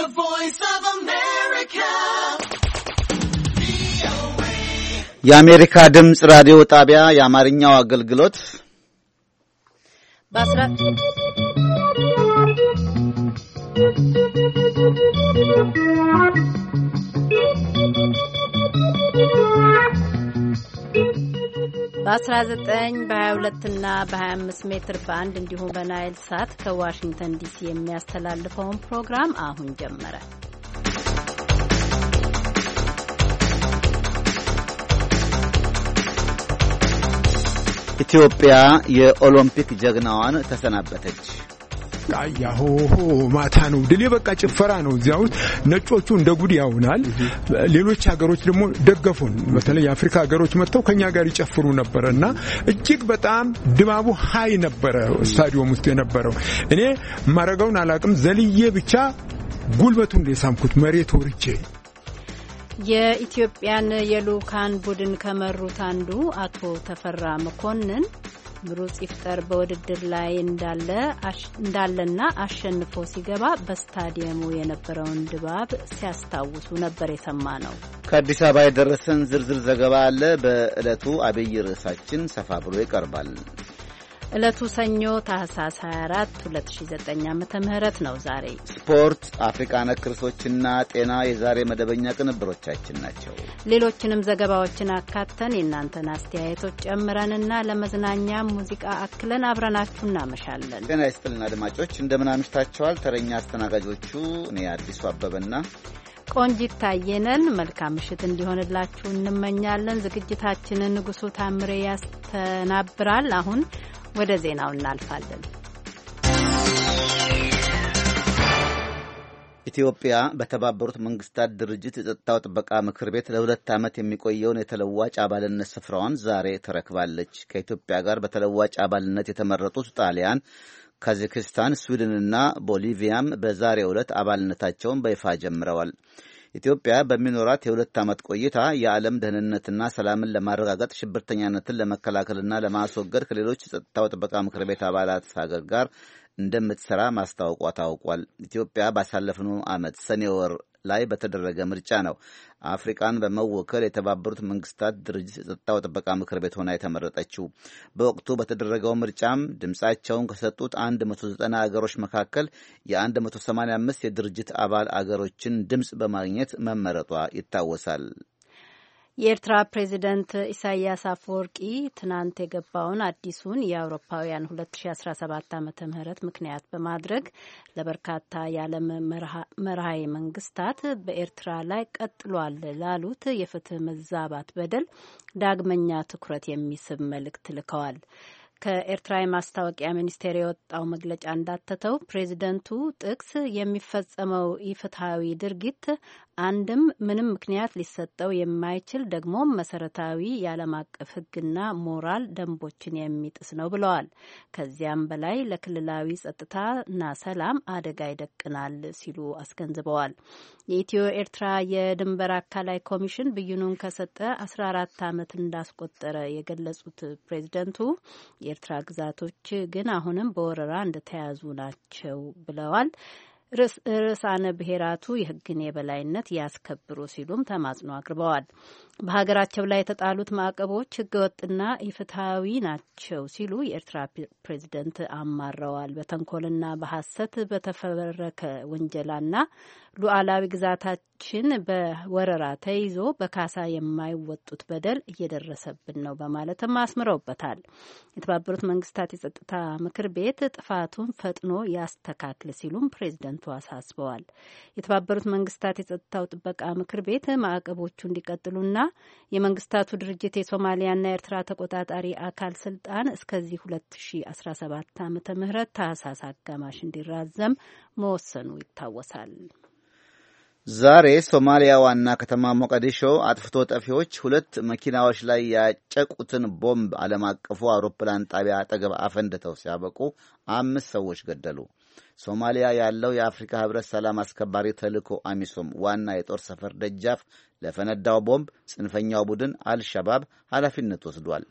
The Voice of America. የአሜሪካ ድምፅ ራዲዮ ጣቢያ የአማርኛው አገልግሎት በ19 በ22ና በ25 ሜትር ባንድ እንዲሁም በናይል ሳት ከዋሽንግተን ዲሲ የሚያስተላልፈውን ፕሮግራም አሁን ጀመረ። ኢትዮጵያ የኦሎምፒክ ጀግናዋን ተሰናበተች። አያሆሆ ማታ ነው ድል የበቃ ጭፈራ ነው። እዚያ ውስጥ ነጮቹ እንደ ጉድ ያውናል። ሌሎች ሀገሮች ደግሞ ደገፉን። በተለይ የአፍሪካ ሀገሮች መጥተው ከኛ ጋር ይጨፍሩ ነበረ እና እጅግ በጣም ድባቡ ሀይ ነበረ ስታዲየም ውስጥ የነበረው። እኔ ማረገውን አላቅም ዘልዬ ብቻ ጉልበቱን የሳምኩት መሬት ወርጄ የኢትዮጵያን የልኡካን ቡድን ከመሩት አንዱ አቶ ተፈራ መኮንን ሩጽ ይፍጠር በውድድር ላይ እንዳለና አሸንፎ ሲገባ በስታዲየሙ የነበረውን ድባብ ሲያስታውሱ ነበር የሰማ ነው። ከአዲስ አበባ የደረሰን ዝርዝር ዘገባ አለ። በዕለቱ አብይ ርዕሳችን ሰፋ ብሎ ይቀርባል። ዕለቱ ሰኞ ታህሳስ 24 2009 ዓ ም ነው። ዛሬ ስፖርት፣ አፍሪቃ ነክ ርዕሶችና ጤና የዛሬ መደበኛ ቅንብሮቻችን ናቸው። ሌሎችንም ዘገባዎችን አካተን የእናንተን አስተያየቶች ጨምረንና ለመዝናኛ ሙዚቃ አክለን አብረናችሁ እናመሻለን። ጤና ይስጥልን አድማጮች፣ እንደምን አምሽታችኋል? ተረኛ አስተናጋጆቹ እኔ አዲሱ አበበና ቆንጂት ታየነን። መልካም ምሽት እንዲሆንላችሁ እንመኛለን። ዝግጅታችንን ንጉሱ ታምሬ ያስተናብራል። አሁን ወደ ዜናው እናልፋለን። ኢትዮጵያ በተባበሩት መንግስታት ድርጅት የጸጥታው ጥበቃ ምክር ቤት ለሁለት ዓመት የሚቆየውን የተለዋጭ አባልነት ስፍራዋን ዛሬ ትረክባለች። ከኢትዮጵያ ጋር በተለዋጭ አባልነት የተመረጡት ጣሊያን፣ ካዛክስታን፣ ስዊድንና ቦሊቪያም በዛሬው ዕለት አባልነታቸውን በይፋ ጀምረዋል። ኢትዮጵያ በሚኖራት የሁለት ዓመት ቆይታ የዓለም ደህንነትና ሰላምን ለማረጋገጥ ሽብርተኛነትን ለመከላከልና ለማስወገድ ከሌሎች የጸጥታው ጥበቃ ምክር ቤት አባላት ሀገር ጋር እንደምትሰራ ማስታወቋ ታውቋል። ኢትዮጵያ ባሳለፍነው ዓመት ሰኔ ወር ላይ በተደረገ ምርጫ ነው አፍሪቃን በመወከል የተባበሩት መንግስታት ድርጅት የጸጥታው ጥበቃ ምክር ቤት ሆና የተመረጠችው። በወቅቱ በተደረገው ምርጫም ድምፃቸውን ከሰጡት 190 አገሮች መካከል የ185 የድርጅት አባል አገሮችን ድምፅ በማግኘት መመረጧ ይታወሳል። የኤርትራ ፕሬዚደንት ኢሳያስ አፈወርቂ ትናንት የገባውን አዲሱን የአውሮፓውያን 2017 ዓ ም ምክንያት በማድረግ ለበርካታ የዓለም መርሃይ መንግስታት በኤርትራ ላይ ቀጥሏል ላሉት የፍትህ መዛባት በደል ዳግመኛ ትኩረት የሚስብ መልእክት ልከዋል። ከኤርትራ የማስታወቂያ ሚኒስቴር የወጣው መግለጫ እንዳተተው ፕሬዚደንቱ ጥቅስ የሚፈጸመው ኢፍትሐዊ ድርጊት አንድም ምንም ምክንያት ሊሰጠው የማይችል ደግሞም መሰረታዊ የዓለም አቀፍ ሕግና ሞራል ደንቦችን የሚጥስ ነው ብለዋል። ከዚያም በላይ ለክልላዊ ጸጥታና ሰላም አደጋ ይደቅናል ሲሉ አስገንዝበዋል። የኢትዮ ኤርትራ የድንበር አካላይ ኮሚሽን ብይኑን ከሰጠ 14 ዓመት እንዳስቆጠረ የገለጹት ፕሬዚደንቱ የኤርትራ ግዛቶች ግን አሁንም በወረራ እንደተያዙ ናቸው ብለዋል። ርዕሳነ ብሔራቱ የሕግን የበላይነት ያስከብሩ ሲሉም ተማጽኖ አቅርበዋል። በሀገራቸው ላይ የተጣሉት ማዕቀቦች ሕገወጥና ኢፍትሐዊ ናቸው ሲሉ የኤርትራ ፕሬዚደንት አማረዋል። በተንኮልና በሐሰት በተፈበረከ ውንጀላና ሉዓላዊ ግዛታችን በወረራ ተይዞ በካሳ የማይወጡት በደል እየደረሰብን ነው በማለትም አስምረውበታል። የተባበሩት መንግስታት የጸጥታ ምክር ቤት ጥፋቱን ፈጥኖ ያስተካክል ሲሉም ፕሬዝደንቱ አሳስበዋል። የተባበሩት መንግስታት የጸጥታው ጥበቃ ምክር ቤት ማዕቀቦቹ እንዲቀጥሉና የመንግስታቱ ድርጅት የሶማሊያና የኤርትራ ተቆጣጣሪ አካል ስልጣን እስከዚህ 2017 ዓመተ ምህረት ታህሳስ አጋማሽ እንዲራዘም መወሰኑ ይታወሳል። ዛሬ ሶማሊያ ዋና ከተማ ሞቃዲሾ አጥፍቶ ጠፊዎች ሁለት መኪናዎች ላይ ያጨቁትን ቦምብ ዓለም አቀፉ አውሮፕላን ጣቢያ አጠገብ አፈንድተው ሲያበቁ አምስት ሰዎች ገደሉ። ሶማሊያ ያለው የአፍሪካ ሕብረት ሰላም አስከባሪ ተልዕኮ አሚሶም ዋና የጦር ሰፈር ደጃፍ ለፈነዳው ቦምብ ጽንፈኛው ቡድን አልሸባብ ኃላፊነት ወስዷል።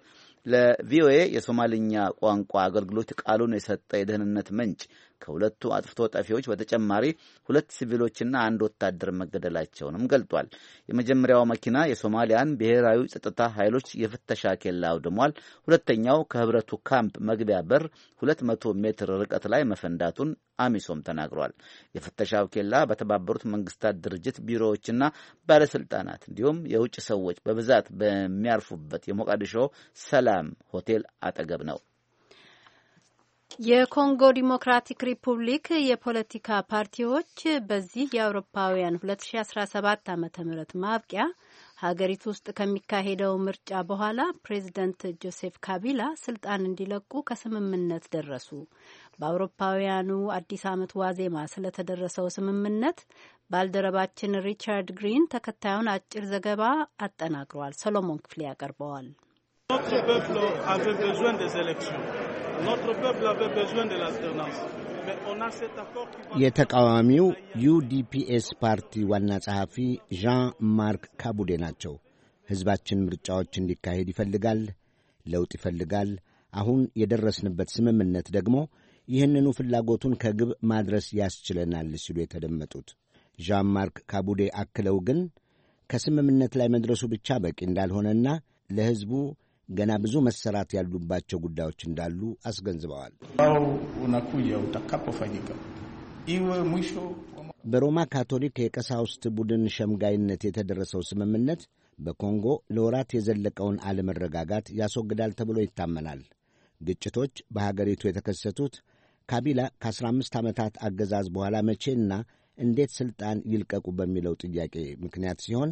ለቪኦኤ የሶማልኛ ቋንቋ አገልግሎት ቃሉን የሰጠ የደህንነት ምንጭ ከሁለቱ አጥፍቶ ጠፊዎች በተጨማሪ ሁለት ሲቪሎችና አንድ ወታደር መገደላቸውንም ገልጧል። የመጀመሪያው መኪና የሶማሊያን ብሔራዊ ጸጥታ ኃይሎች የፍተሻ ኬላ አውድሟል። ሁለተኛው ከህብረቱ ካምፕ መግቢያ በር 200 ሜትር ርቀት ላይ መፈንዳቱን አሚሶም ተናግሯል። የፍተሻው ኬላ በተባበሩት መንግስታት ድርጅት ቢሮዎችና ባለስልጣናት እንዲሁም የውጭ ሰዎች በብዛት በሚያርፉበት የሞቃዲሾ ሰላም ሆቴል አጠገብ ነው። የኮንጎ ዲሞክራቲክ ሪፑብሊክ የፖለቲካ ፓርቲዎች በዚህ የአውሮፓውያን 2017 ዓ ም ማብቂያ ሀገሪቱ ውስጥ ከሚካሄደው ምርጫ በኋላ ፕሬዚደንት ጆሴፍ ካቢላ ስልጣን እንዲለቁ ከስምምነት ደረሱ። በአውሮፓውያኑ አዲስ ዓመት ዋዜማ ስለተደረሰው ስምምነት ባልደረባችን ሪቻርድ ግሪን ተከታዩን አጭር ዘገባ አጠናቅሯል። ሰሎሞን ክፍሌ ያቀርበዋል። የተቃዋሚው ዩዲፒኤስ ፓርቲ ዋና ጸሐፊ ዣን ማርክ ካቡዴ ናቸው። ሕዝባችን ምርጫዎች እንዲካሄድ ይፈልጋል፣ ለውጥ ይፈልጋል። አሁን የደረስንበት ስምምነት ደግሞ ይህንኑ ፍላጎቱን ከግብ ማድረስ ያስችለናል ሲሉ የተደመጡት ዣን ማርክ ካቡዴ አክለው ግን ከስምምነት ላይ መድረሱ ብቻ በቂ እንዳልሆነና ለሕዝቡ ገና ብዙ መሰራት ያሉባቸው ጉዳዮች እንዳሉ አስገንዝበዋል። በሮማ ካቶሊክ የቀሳውስት ቡድን ሸምጋይነት የተደረሰው ስምምነት በኮንጎ ለወራት የዘለቀውን አለመረጋጋት ያስወግዳል ተብሎ ይታመናል። ግጭቶች በሀገሪቱ የተከሰቱት ካቢላ ከ15 ዓመታት አገዛዝ በኋላ መቼና እንዴት ሥልጣን ይልቀቁ በሚለው ጥያቄ ምክንያት ሲሆን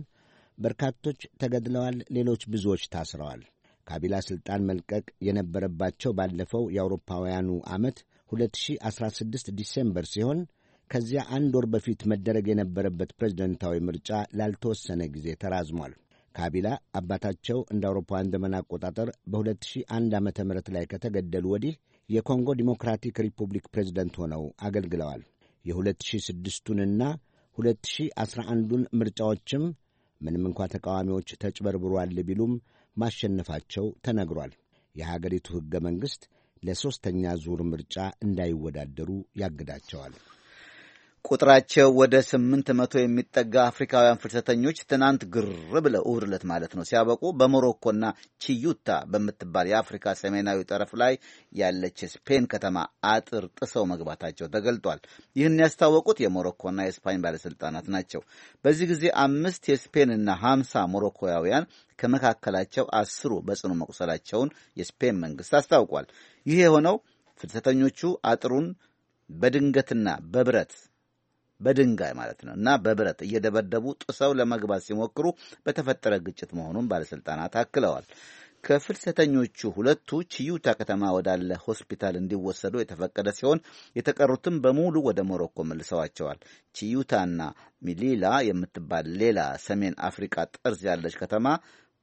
በርካቶች ተገድለዋል፣ ሌሎች ብዙዎች ታስረዋል። ካቢላ ሥልጣን መልቀቅ የነበረባቸው ባለፈው የአውሮፓውያኑ ዓመት 2016 ዲሴምበር ሲሆን ከዚያ አንድ ወር በፊት መደረግ የነበረበት ፕሬዝደንታዊ ምርጫ ላልተወሰነ ጊዜ ተራዝሟል። ካቢላ አባታቸው እንደ አውሮፓውያን ዘመን አቆጣጠር በ2001 ዓ ም ላይ ከተገደሉ ወዲህ የኮንጎ ዲሞክራቲክ ሪፑብሊክ ፕሬዝደንት ሆነው አገልግለዋል። የ2006ቱንና 2011ዱን ምርጫዎችም ምንም እንኳ ተቃዋሚዎች ተጭበርብሯል ቢሉም ማሸነፋቸው ተነግሯል። የሀገሪቱ ሕገ መንግሥት ለሦስተኛ ዙር ምርጫ እንዳይወዳደሩ ያግዳቸዋል። ቁጥራቸው ወደ ስምንት መቶ የሚጠጋ አፍሪካውያን ፍልሰተኞች ትናንት ግር ብለው እሁድ ዕለት ማለት ነው ሲያበቁ በሞሮኮና ቺዩታ በምትባል የአፍሪካ ሰሜናዊ ጠረፍ ላይ ያለች ስፔን ከተማ አጥር ጥሰው መግባታቸው ተገልጧል። ይህን ያስታወቁት የሞሮኮና የስፓኝ ባለስልጣናት ናቸው። በዚህ ጊዜ አምስት የስፔንና ሀምሳ ሞሮኮውያን ከመካከላቸው አስሩ በጽኑ መቁሰላቸውን የስፔን መንግስት አስታውቋል። ይህ የሆነው ፍልሰተኞቹ አጥሩን በድንገትና በብረት በድንጋይ ማለት ነው እና በብረት እየደበደቡ ጥሰው ለመግባት ሲሞክሩ በተፈጠረ ግጭት መሆኑን ባለሥልጣናት አክለዋል። ከፍልሰተኞቹ ሁለቱ ቺዩታ ከተማ ወዳለ ሆስፒታል እንዲወሰዱ የተፈቀደ ሲሆን የተቀሩትም በሙሉ ወደ ሞሮኮ መልሰዋቸዋል። ቺዩታና ሚሊላ የምትባል ሌላ ሰሜን አፍሪካ ጠርዝ ያለች ከተማ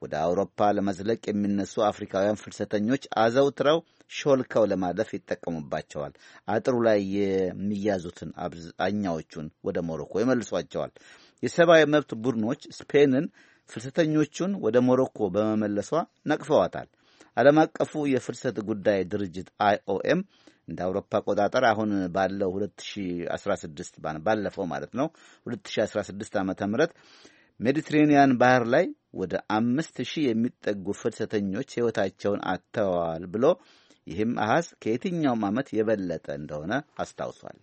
ወደ አውሮፓ ለመዝለቅ የሚነሱ አፍሪካውያን ፍልሰተኞች አዘውትረው ሾልከው ለማለፍ ይጠቀሙባቸዋል። አጥሩ ላይ የሚያዙትን አብዛኛዎቹን ወደ ሞሮኮ ይመልሷቸዋል። የሰብአዊ መብት ቡድኖች ስፔንን ፍልሰተኞቹን ወደ ሞሮኮ በመመለሷ ነቅፈዋታል። ዓለም አቀፉ የፍልሰት ጉዳይ ድርጅት አይኦኤም እንደ አውሮፓ አቆጣጠር አሁን ባለው 2016 ባለፈው ማለት ነው 2016 ዓ ም ሜዲትሬኒያን ባህር ላይ ወደ አምስት ሺህ የሚጠጉ ፍልሰተኞች ሕይወታቸውን አጥተዋል ብሎ ይህም አሃዝ ከየትኛውም ዓመት የበለጠ እንደሆነ አስታውሷል።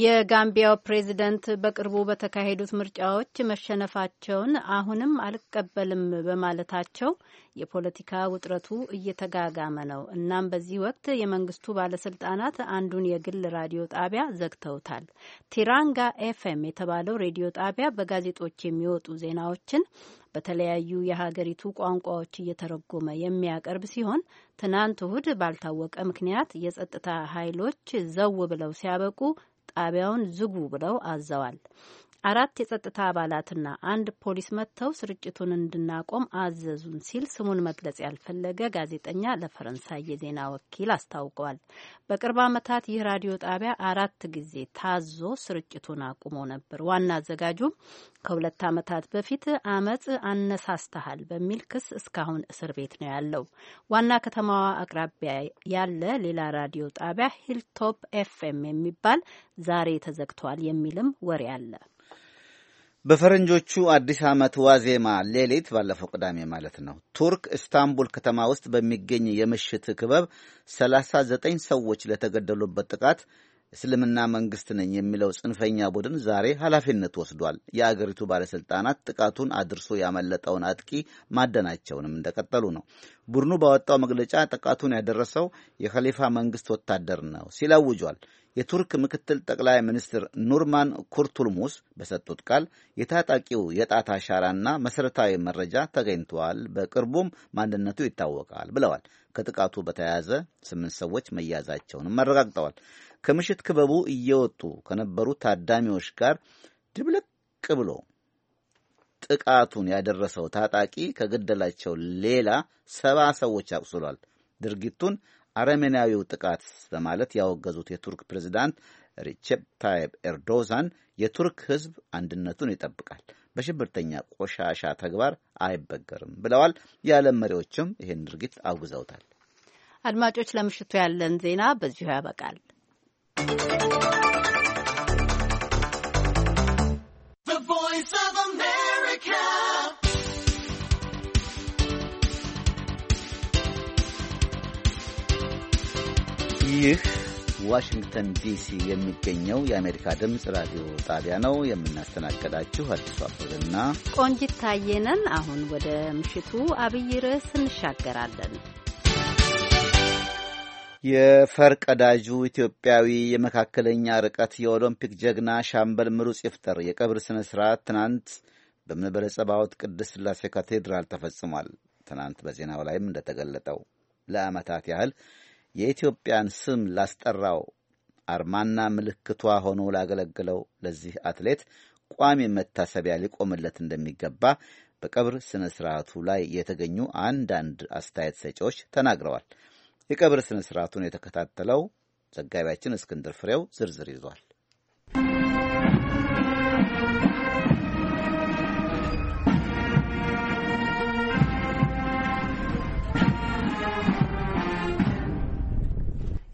የጋምቢያው ፕሬዚደንት በቅርቡ በተካሄዱት ምርጫዎች መሸነፋቸውን አሁንም አልቀበልም በማለታቸው የፖለቲካ ውጥረቱ እየተጋጋመ ነው። እናም በዚህ ወቅት የመንግስቱ ባለስልጣናት አንዱን የግል ራዲዮ ጣቢያ ዘግተውታል። ቲራንጋ ኤፍኤም የተባለው ሬዲዮ ጣቢያ በጋዜጦች የሚወጡ ዜናዎችን በተለያዩ የሀገሪቱ ቋንቋዎች እየተረጎመ የሚያቀርብ ሲሆን ትናንት እሁድ ባልታወቀ ምክንያት የጸጥታ ኃይሎች ዘው ብለው ሲያበቁ ጣቢያውን ዝጉ ብለው አዘዋል። አራት የጸጥታ አባላትና አንድ ፖሊስ መጥተው ስርጭቱን እንድናቆም አዘዙን ሲል ስሙን መግለጽ ያልፈለገ ጋዜጠኛ ለፈረንሳይ የዜና ወኪል አስታውቋል። በቅርብ ዓመታት ይህ ራዲዮ ጣቢያ አራት ጊዜ ታዞ ስርጭቱን አቁሞ ነበር። ዋና አዘጋጁም ከሁለት ዓመታት በፊት አመፅ አነሳስተሃል በሚል ክስ እስካሁን እስር ቤት ነው ያለው። ዋና ከተማዋ አቅራቢያ ያለ ሌላ ራዲዮ ጣቢያ ሂልቶፕ ኤፍኤም የሚባል ዛሬ ተዘግቷል የሚልም ወሬ አለ። በፈረንጆቹ አዲስ ዓመት ዋዜማ ሌሊት ባለፈው ቅዳሜ ማለት ነው ቱርክ ኢስታንቡል ከተማ ውስጥ በሚገኝ የምሽት ክበብ 39 ሰዎች ለተገደሉበት ጥቃት እስልምና መንግስት ነኝ የሚለው ጽንፈኛ ቡድን ዛሬ ኃላፊነት ወስዷል። የአገሪቱ ባለሥልጣናት ጥቃቱን አድርሶ ያመለጠውን አጥቂ ማደናቸውንም እንደቀጠሉ ነው። ቡድኑ ባወጣው መግለጫ ጥቃቱን ያደረሰው የኸሊፋ መንግስት ወታደር ነው ሲል አውጇል። የቱርክ ምክትል ጠቅላይ ሚኒስትር ኑርማን ኩርቱልሙስ በሰጡት ቃል የታጣቂው የጣት አሻራና መሠረታዊ መረጃ ተገኝተዋል፣ በቅርቡም ማንነቱ ይታወቃል ብለዋል። ከጥቃቱ በተያያዘ ስምንት ሰዎች መያዛቸውንም አረጋግጠዋል። ከምሽት ክበቡ እየወጡ ከነበሩ ታዳሚዎች ጋር ድብልቅ ብሎ ጥቃቱን ያደረሰው ታጣቂ ከገደላቸው ሌላ ሰባ ሰዎች አቁስሏል። ድርጊቱን አረመኔያዊው ጥቃት በማለት ያወገዙት የቱርክ ፕሬዚዳንት ሪቼፕ ታይብ ኤርዶዛን የቱርክ ሕዝብ አንድነቱን ይጠብቃል፣ በሽብርተኛ ቆሻሻ ተግባር አይበገርም ብለዋል። የዓለም መሪዎችም ይህን ድርጊት አውግዘውታል። አድማጮች፣ ለምሽቱ ያለን ዜና በዚሁ ያበቃል። ይህ ዋሽንግተን ዲሲ የሚገኘው የአሜሪካ ድምፅ ራዲዮ ጣቢያ ነው። የምናስተናገዳችሁ አዲሱ አበበና ቆንጂት ታየነን። አሁን ወደ ምሽቱ አብይ ርዕስ እንሻገራለን። የፈርቀዳጁ ኢትዮጵያዊ የመካከለኛ ርቀት የኦሎምፒክ ጀግና ሻምበል ምሩጽ ይፍጠር የቀብር ስነ ስርዓት ትናንት በመንበረ ጸባዖት ቅድስት ስላሴ ካቴድራል ተፈጽሟል። ትናንት በዜናው ላይም እንደተገለጠው ለአመታት ያህል የኢትዮጵያን ስም ላስጠራው አርማና ምልክቷ ሆኖ ላገለግለው ለዚህ አትሌት ቋሚ መታሰቢያ ሊቆምለት እንደሚገባ በቀብር ስነ ስርዓቱ ላይ የተገኙ አንዳንድ አስተያየት ሰጪዎች ተናግረዋል። የቀብር ስነ ስርዓቱን የተከታተለው ዘጋቢያችን እስክንድር ፍሬው ዝርዝር ይዟል።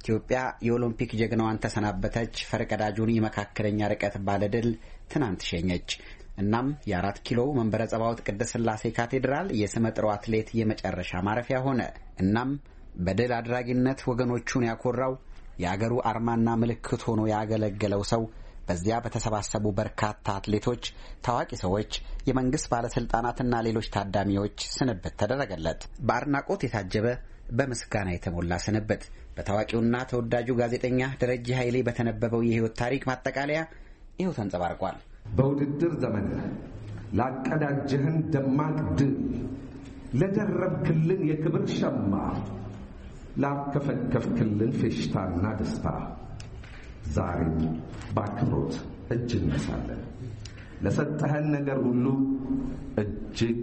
ኢትዮጵያ የኦሎምፒክ ጀግናዋን ተሰናበተች። ፈርቀዳጁን የመካከለኛ ርቀት ባለድል ትናንት ሸኘች። እናም የአራት ኪሎ መንበረ ጸባዖት ቅድስት ስላሴ ካቴድራል የስመጥሮ አትሌት የመጨረሻ ማረፊያ ሆነ። እናም በድል አድራጊነት ወገኖቹን ያኮራው የአገሩ አርማና ምልክት ሆኖ ያገለገለው ሰው በዚያ በተሰባሰቡ በርካታ አትሌቶች፣ ታዋቂ ሰዎች፣ የመንግሥት ባለሥልጣናትና ሌሎች ታዳሚዎች ስንብት ተደረገለት። በአድናቆት የታጀበ በምስጋና የተሞላ ስንብት በታዋቂውና ተወዳጁ ጋዜጠኛ ደረጀ ኃይሌ በተነበበው የሕይወት ታሪክ ማጠቃለያ ይኸው ተንጸባርቋል። በውድድር ዘመን ላቀዳጀህን ደማቅ ድል ለደረብክልን የክብር ሸማ ላከፈከፍክልን ፌሽታና ደስታ ዛሬም በአክብሮት እጅ እነሳለን። ለሰጠህን ነገር ሁሉ እጅግ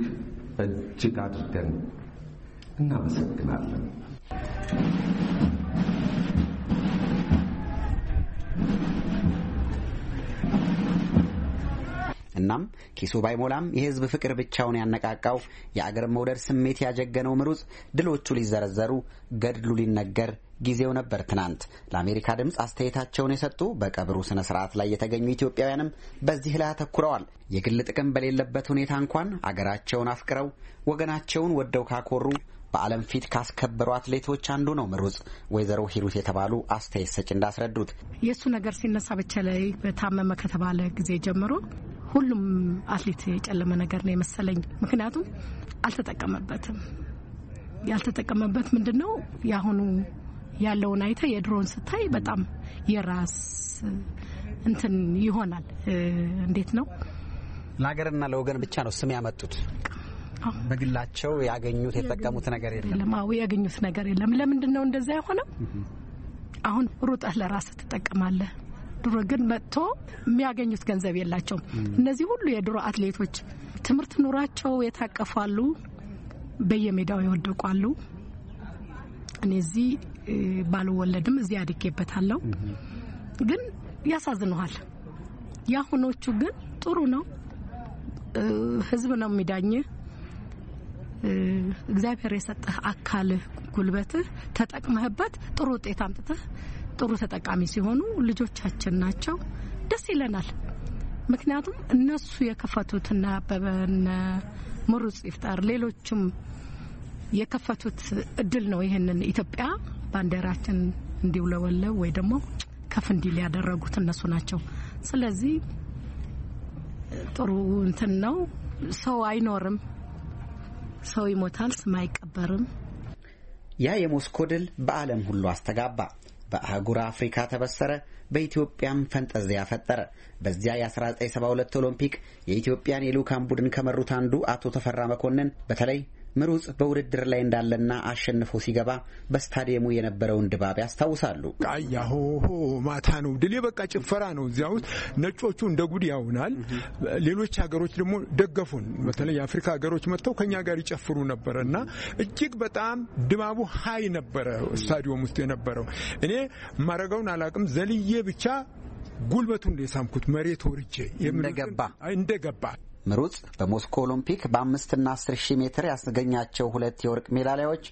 እጅግ አድርገን እናመሰግናለን። እናም ኪሱ ባይሞላም የህዝብ ፍቅር ብቻውን ያነቃቃው የአገር መውደድ ስሜት ያጀገነው ምሩጽ ድሎቹ ሊዘረዘሩ ገድሉ ሊነገር ጊዜው ነበር ትናንት። ለአሜሪካ ድምፅ አስተያየታቸውን የሰጡ በቀብሩ ስነ ስርዓት ላይ የተገኙ ኢትዮጵያውያንም በዚህ ላይ አተኩረዋል። የግል ጥቅም በሌለበት ሁኔታ እንኳን አገራቸውን አፍቅረው ወገናቸውን ወደው ካኮሩ በዓለም ፊት ካስከበሩ አትሌቶች አንዱ ነው። ምሩጽ ወይዘሮ ሂሩት የተባሉ አስተያየት ሰጭ እንዳስረዱት የእሱ ነገር ሲነሳ ብቻ ላይ በታመመ ከተባለ ጊዜ ጀምሮ ሁሉም አትሌት የጨለመ ነገር ነው የመሰለኝ። ምክንያቱም አልተጠቀመበትም። ያልተጠቀመበት ምንድን ነው የአሁኑ ያለውን አይተ የድሮን ስታይ በጣም የራስ እንትን ይሆናል። እንዴት ነው ለሀገርና ለወገን ብቻ ነው ስም ያመጡት። በግላቸው ያገኙት የተጠቀሙት ነገር የለም። አዎ ያገኙት ነገር የለም። ለምንድን ነው እንደዛ የሆነው? አሁን ሩጠህ ለራስህ ትጠቀማለህ። ድሮ ግን መጥቶ የሚያገኙት ገንዘብ የላቸውም። እነዚህ ሁሉ የድሮ አትሌቶች ትምህርት ኑሯቸው የታቀፋሉ፣ በየሜዳው ይወደቋሉ። እኔ እዚህ ባልወለድም እዚህ አድጌበታለሁ፣ ግን ያሳዝነዋል። የአሁኖቹ ግን ጥሩ ነው፣ ህዝብ ነው የሚዳኝህ እግዚአብሔር የሰጠህ አካልህ፣ ጉልበትህ ተጠቅመህበት ጥሩ ውጤት አምጥተህ ጥሩ ተጠቃሚ ሲሆኑ ልጆቻችን ናቸው፣ ደስ ይለናል። ምክንያቱም እነሱ የከፈቱትና አበበን ምሩጽ ይፍጠር ሌሎችም የከፈቱት እድል ነው። ይህንን ኢትዮጵያ ባንዲራችን እንዲውለወለው ወይ ደግሞ ከፍ እንዲል ያደረጉት እነሱ ናቸው። ስለዚህ ጥሩ እንትን ነው። ሰው አይኖርም ሰው ይሞታል፣ ስም አይቀበርም። ያ የሞስኮ ድል በዓለም ሁሉ አስተጋባ። በአህጉር አፍሪካ ተበሰረ። በኢትዮጵያም ፈንጠዚ ፈጠረ። በዚያ የ1972 ኦሎምፒክ የኢትዮጵያን የልዑካን ቡድን ከመሩት አንዱ አቶ ተፈራ መኮንን በተለይ ምሩጽ በውድድር ላይ እንዳለና አሸንፎ ሲገባ በስታዲየሙ የነበረውን ድባብ ያስታውሳሉ። ቃያሆ ማታ ነው ድል በቃ ጭፈራ ነው እዚያ ውስጥ ነጮቹ እንደ ጉድ ያውናል። ሌሎች ሀገሮች ደግሞ ደገፉን። በተለይ የአፍሪካ ሀገሮች መጥተው ከኛ ጋር ይጨፍሩ ነበረ እና እጅግ በጣም ድባቡ ሀይ ነበረ ስታዲየም ውስጥ የነበረው። እኔ ማረገውን አላቅም ዘልዬ ብቻ ጉልበቱን የሳምኩት መሬት ወርጄ እንደገባ እንደገባ ምሩጽ በሞስኮ ኦሎምፒክ በአምስትና አስር ሺህ ሜትር ያስገኛቸው ሁለት የወርቅ ሜዳሊያዎች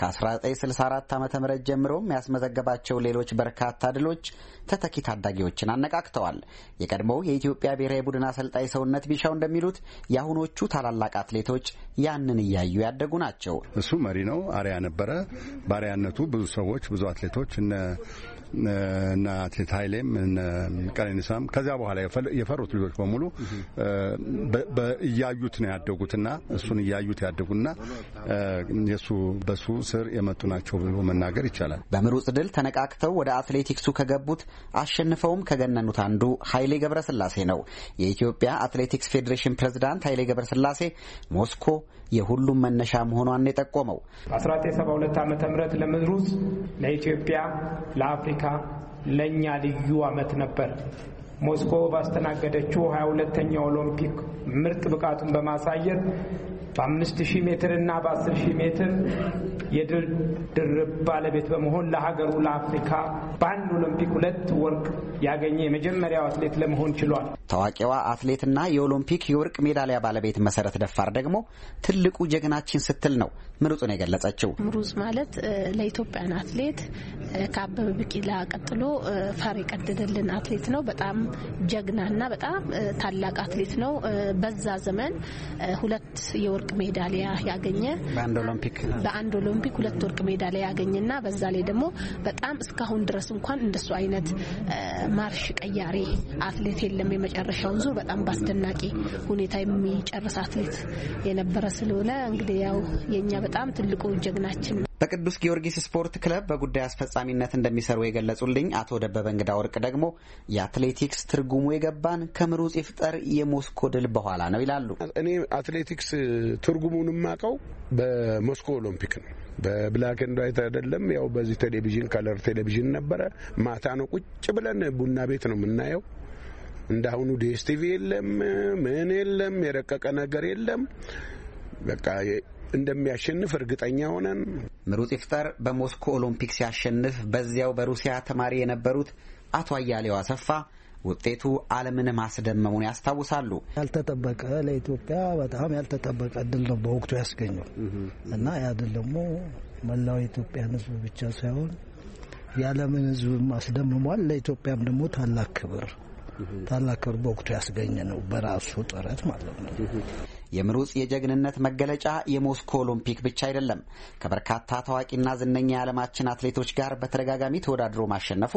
ከ1964 ዓ ም ጀምሮም ያስመዘገባቸው ሌሎች በርካታ ድሎች ተተኪ ታዳጊዎችን አነቃቅተዋል። የቀድሞው የኢትዮጵያ ብሔራዊ ቡድን አሰልጣኝ ሰውነት ቢሻው እንደሚሉት የአሁኖቹ ታላላቅ አትሌቶች ያንን እያዩ ያደጉ ናቸው። እሱ መሪ ነው፣ አሪያ ነበረ። ባሪያነቱ ብዙ ሰዎች ብዙ አትሌቶች እነ እና ኃይሌም ቀነኒሳም ከዚያ በኋላ የፈሩት ልጆች በሙሉ እያዩት ነው ያደጉትና እሱን እያዩት ያደጉና የሱ በሱ ስር የመጡ ናቸው ብሎ መናገር ይቻላል። በምሩጽ ድል ተነቃቅተው ወደ አትሌቲክሱ ከገቡት አሸንፈውም ከገነኑት አንዱ ኃይሌ ገብረስላሴ ነው። የኢትዮጵያ አትሌቲክስ ፌዴሬሽን ፕሬዝዳንት ኃይሌ ገብረስላሴ ሞስኮ የሁሉም መነሻ መሆኗን የጠቆመው በ1972 ዓ ም ለምድሩስ ለኢትዮጵያ፣ ለአፍሪካ ለእኛ ልዩ ዓመት ነበር። ሞስኮ ባስተናገደችው 22ተኛው ኦሎምፒክ ምርጥ ብቃቱን በማሳየት በአምስት ሺህ ሜትር እና በአስር ሺህ ሜትር የድል ድርብ ባለቤት በመሆን ለሀገሩ ለአፍሪካ በአንድ ኦሎምፒክ ሁለት ወርቅ ያገኘ የመጀመሪያው አትሌት ለመሆን ችሏል። ታዋቂዋ አትሌትና የኦሎምፒክ የወርቅ ሜዳሊያ ባለቤት መሰረት ደፋር ደግሞ ትልቁ ጀግናችን ስትል ነው ምሩጽን የገለጸችው። ምሩጽ ማለት ለኢትዮጵያን አትሌት ከአበበ ቢቂላ ቀጥሎ ፈር የቀደደልን አትሌት ነው። በጣም ጀግናና በጣም ታላቅ አትሌት ነው። በዛ ዘመን ሁለት የወር ወርቅ ሜዳሊያ ያገኘ በአንድ ኦሎምፒክ በአንድ ኦሎምፒክ ሁለት ወርቅ ሜዳሊያ ያገኘና በዛ ላይ ደግሞ በጣም እስካሁን ድረስ እንኳን እንደሱ አይነት ማርሽ ቀያሪ አትሌት የለም። የመጨረሻውን ዙር በጣም በአስደናቂ ሁኔታ የሚጨርስ አትሌት የነበረ ስለሆነ እንግዲህ ያው የእኛ በጣም ትልቁ ጀግናችን ነው። በቅዱስ ጊዮርጊስ ስፖርት ክለብ በጉዳይ አስፈጻሚነት እንደሚሰሩ የገለጹልኝ አቶ ደበበ እንግዳ ወርቅ ደግሞ የአትሌቲክስ ትርጉሙ የገባን ከምሩጽ ይፍጠር የሞስኮ ድል በኋላ ነው ይላሉ። እኔ አትሌቲክስ ትርጉሙን የማውቀው በሞስኮ ኦሎምፒክ ነው። በብላክ ኤንድ ዋይት አይደለም። ያው በዚህ ቴሌቪዥን ከለር ቴሌቪዥን ነበረ። ማታ ነው ቁጭ ብለን ቡና ቤት ነው የምናየው። እንደ አሁኑ ዲኤስቲቪ የለም፣ ምን የለም፣ የረቀቀ ነገር የለም። በቃ እንደሚያሸንፍ እርግጠኛ ሆነን ምሩጽ ይፍጠር በሞስኮ ኦሎምፒክ ሲያሸንፍ በዚያው በሩሲያ ተማሪ የነበሩት አቶ አያሌው አሰፋ ውጤቱ ዓለምን ማስደመሙን ያስታውሳሉ። ያልተጠበቀ ለኢትዮጵያ በጣም ያልተጠበቀ ድል ነው በወቅቱ ያስገኘው እና ያ ድል ደግሞ መላው የኢትዮጵያን ሕዝብ ብቻ ሳይሆን የዓለምን ህዝብ ማስደምሟል። ለኢትዮጵያም ደግሞ ታላቅ ክብር ታላቅ ክብር በወቅቱ ያስገኘ ነው በራሱ ጥረት ማለት ነው። የምሩጽ የጀግንነት መገለጫ የሞስኮ ኦሎምፒክ ብቻ አይደለም። ከበርካታ ታዋቂና ዝነኛ የዓለማችን አትሌቶች ጋር በተደጋጋሚ ተወዳድሮ ማሸነፉ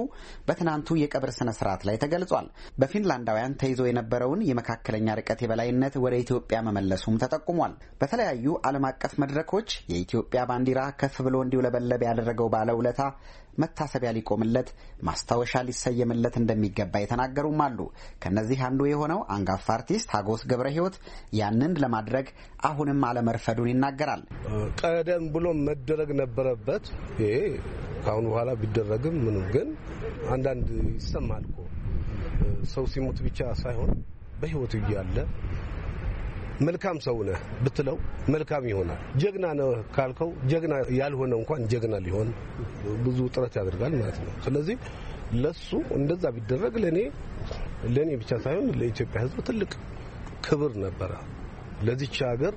በትናንቱ የቀብር ስነ ስርዓት ላይ ተገልጿል። በፊንላንዳውያን ተይዞ የነበረውን የመካከለኛ ርቀት የበላይነት ወደ ኢትዮጵያ መመለሱም ተጠቁሟል። በተለያዩ ዓለም አቀፍ መድረኮች የኢትዮጵያ ባንዲራ ከፍ ብሎ እንዲውለበለብ ያደረገው ባለውለታ መታሰቢያ ሊቆምለት፣ ማስታወሻ ሊሰየምለት እንደሚገባ የተናገሩም አሉ። ከእነዚህ አንዱ የሆነው አንጋፋ አርቲስት ሀጎስ ገብረ ሕይወት ያንን ለማድረግ አሁንም አለመርፈዱን ይናገራል። ቀደም ብሎ መደረግ ነበረበት። ይሄ ከአሁን በኋላ ቢደረግም ምንም ግን አንዳንድ ይሰማል እኮ ሰው ሲሞት ብቻ ሳይሆን በህይወቱ እያለ መልካም ሰው ነህ ብትለው መልካም ይሆናል። ጀግና ነህ ካልከው ጀግና ያልሆነ እንኳን ጀግና ሊሆን ብዙ ጥረት ያደርጋል ማለት ነው። ስለዚህ ለሱ እንደዛ ቢደረግ ለኔ ለእኔ ብቻ ሳይሆን ለኢትዮጵያ ሕዝብ ትልቅ ክብር ነበረ። ለዚች ሀገር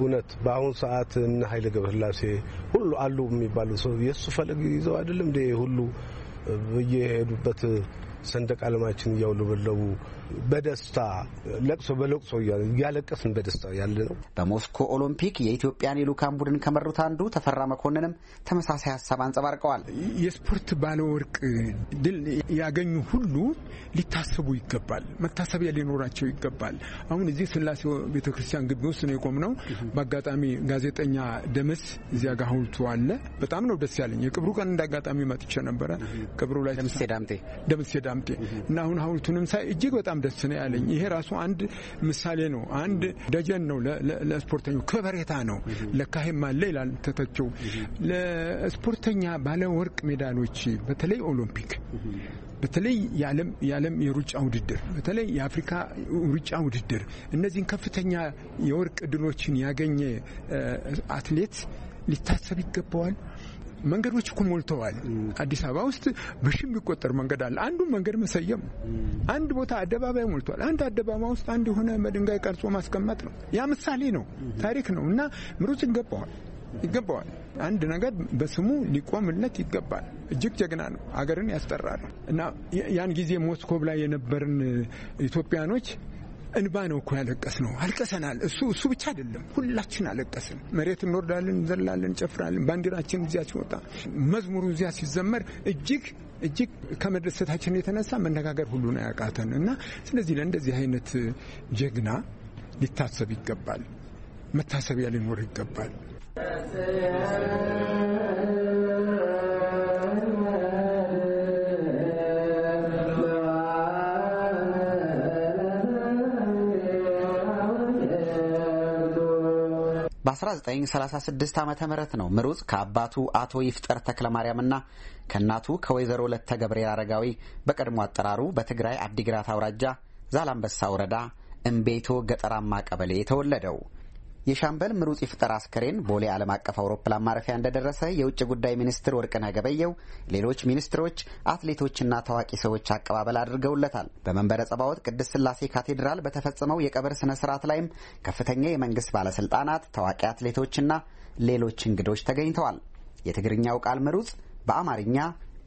እውነት በአሁኑ ሰዓት እነ ኃይለ ገብረስላሴ ሁሉ አሉ የሚባሉ ሰው የእሱ ፈለግ ይዘው አይደለም ሁሉ እየሄዱበት ሰንደቅ ዓለማችን እያውለበለቡ በደስታ ለቅሶ በለቅሶ እያለቀስን በደስታ ያለ ነው። በሞስኮ ኦሎምፒክ የኢትዮጵያን የልኡካን ቡድን ከመሩት አንዱ ተፈራ መኮንንም ተመሳሳይ ሀሳብ አንጸባርቀዋል። የስፖርት ባለወርቅ ድል ያገኙ ሁሉ ሊታሰቡ ይገባል። መታሰቢያ ሊኖራቸው ይገባል። አሁን እዚህ ስላሴ ቤተክርስቲያን ግቢ ውስጥ ነው የቆምነው። በአጋጣሚ ጋዜጠኛ ደመስ እዚያ ጋር ሐውልቱ አለ። በጣም ነው ደስ ያለኝ። የቅብሩ ቀን እንዳጋጣሚ መጥቼ ነበረ። ቅብሩ ላይ ደምሴ ዳምቴ እና አሁን ሀውልቱንም ሳይ እጅግ በጣም ደስ ነው ያለኝ። ይሄ ራሱ አንድ ምሳሌ ነው፣ አንድ ደጀን ነው ለስፖርተኛው፣ ከበሬታ ነው። ለካሄም አለ ይላል ተተቸው። ለስፖርተኛ ባለ ወርቅ ሜዳሎች በተለይ ኦሎምፒክ በተለይ የዓለም የሩጫ ውድድር በተለይ የአፍሪካ ሩጫ ውድድር እነዚህን ከፍተኛ የወርቅ ድሎችን ያገኘ አትሌት ሊታሰብ ይገባዋል። መንገዶች እኮ ሞልተዋል። አዲስ አበባ ውስጥ በሺ የሚቆጠር መንገድ አለ። አንዱ መንገድ መሰየም ነው። አንድ ቦታ አደባባይ ሞልቷል። አንድ አደባባ ውስጥ አንድ የሆነ መድንጋይ ቀርጾ ማስቀመጥ ነው። ያ ምሳሌ ነው፣ ታሪክ ነው እና ምሩጽ ይገባዋል ይገባዋል። አንድ ነገር በስሙ ሊቆምለት ይገባል። እጅግ ጀግና ነው። አገርን ያስጠራል እና ያን ጊዜ ሞስኮብ ላይ የነበርን ኢትዮጵያኖች እንባ ነው እኮ ያለቀስ ነው። አልቀሰናል። እሱ እሱ ብቻ አይደለም፣ ሁላችን አለቀስን። መሬት እንወርዳለን፣ እንዘላለን፣ እንጨፍራለን። ባንዲራችን እዚያ ሲወጣ መዝሙሩ እዚያ ሲዘመር እጅግ እጅግ ከመደሰታችን የተነሳ መነጋገር ሁሉ ነው ያቃተን እና ስለዚህ ለእንደዚህ አይነት ጀግና ሊታሰብ ይገባል፣ መታሰቢያ ሊኖር ይገባል። በ1936 ዓ ም ነው ምሩጽ ከአባቱ አቶ ይፍጠር ተክለማርያምና ከእናቱ ከወይዘሮ ለተ ገብርኤል አረጋዊ በቀድሞ አጠራሩ በትግራይ አዲግራት አውራጃ ዛላንበሳ ወረዳ እምቤቶ ገጠራማ ቀበሌ የተወለደው። የሻምበል ምሩጽ ይፍጠር አስከሬን ቦሌ ዓለም አቀፍ አውሮፕላን ማረፊያ እንደደረሰ የውጭ ጉዳይ ሚኒስትር ወርቅነህ ገበየው፣ ሌሎች ሚኒስትሮች፣ አትሌቶችና ታዋቂ ሰዎች አቀባበል አድርገውለታል። በመንበረ ጸባወት ቅድስት ስላሴ ካቴድራል በተፈጸመው የቀብር ስነ ስርዓት ላይም ከፍተኛ የመንግስት ባለስልጣናት፣ ታዋቂ አትሌቶችና ሌሎች እንግዶች ተገኝተዋል። የትግርኛው ቃል ምሩጽ በአማርኛ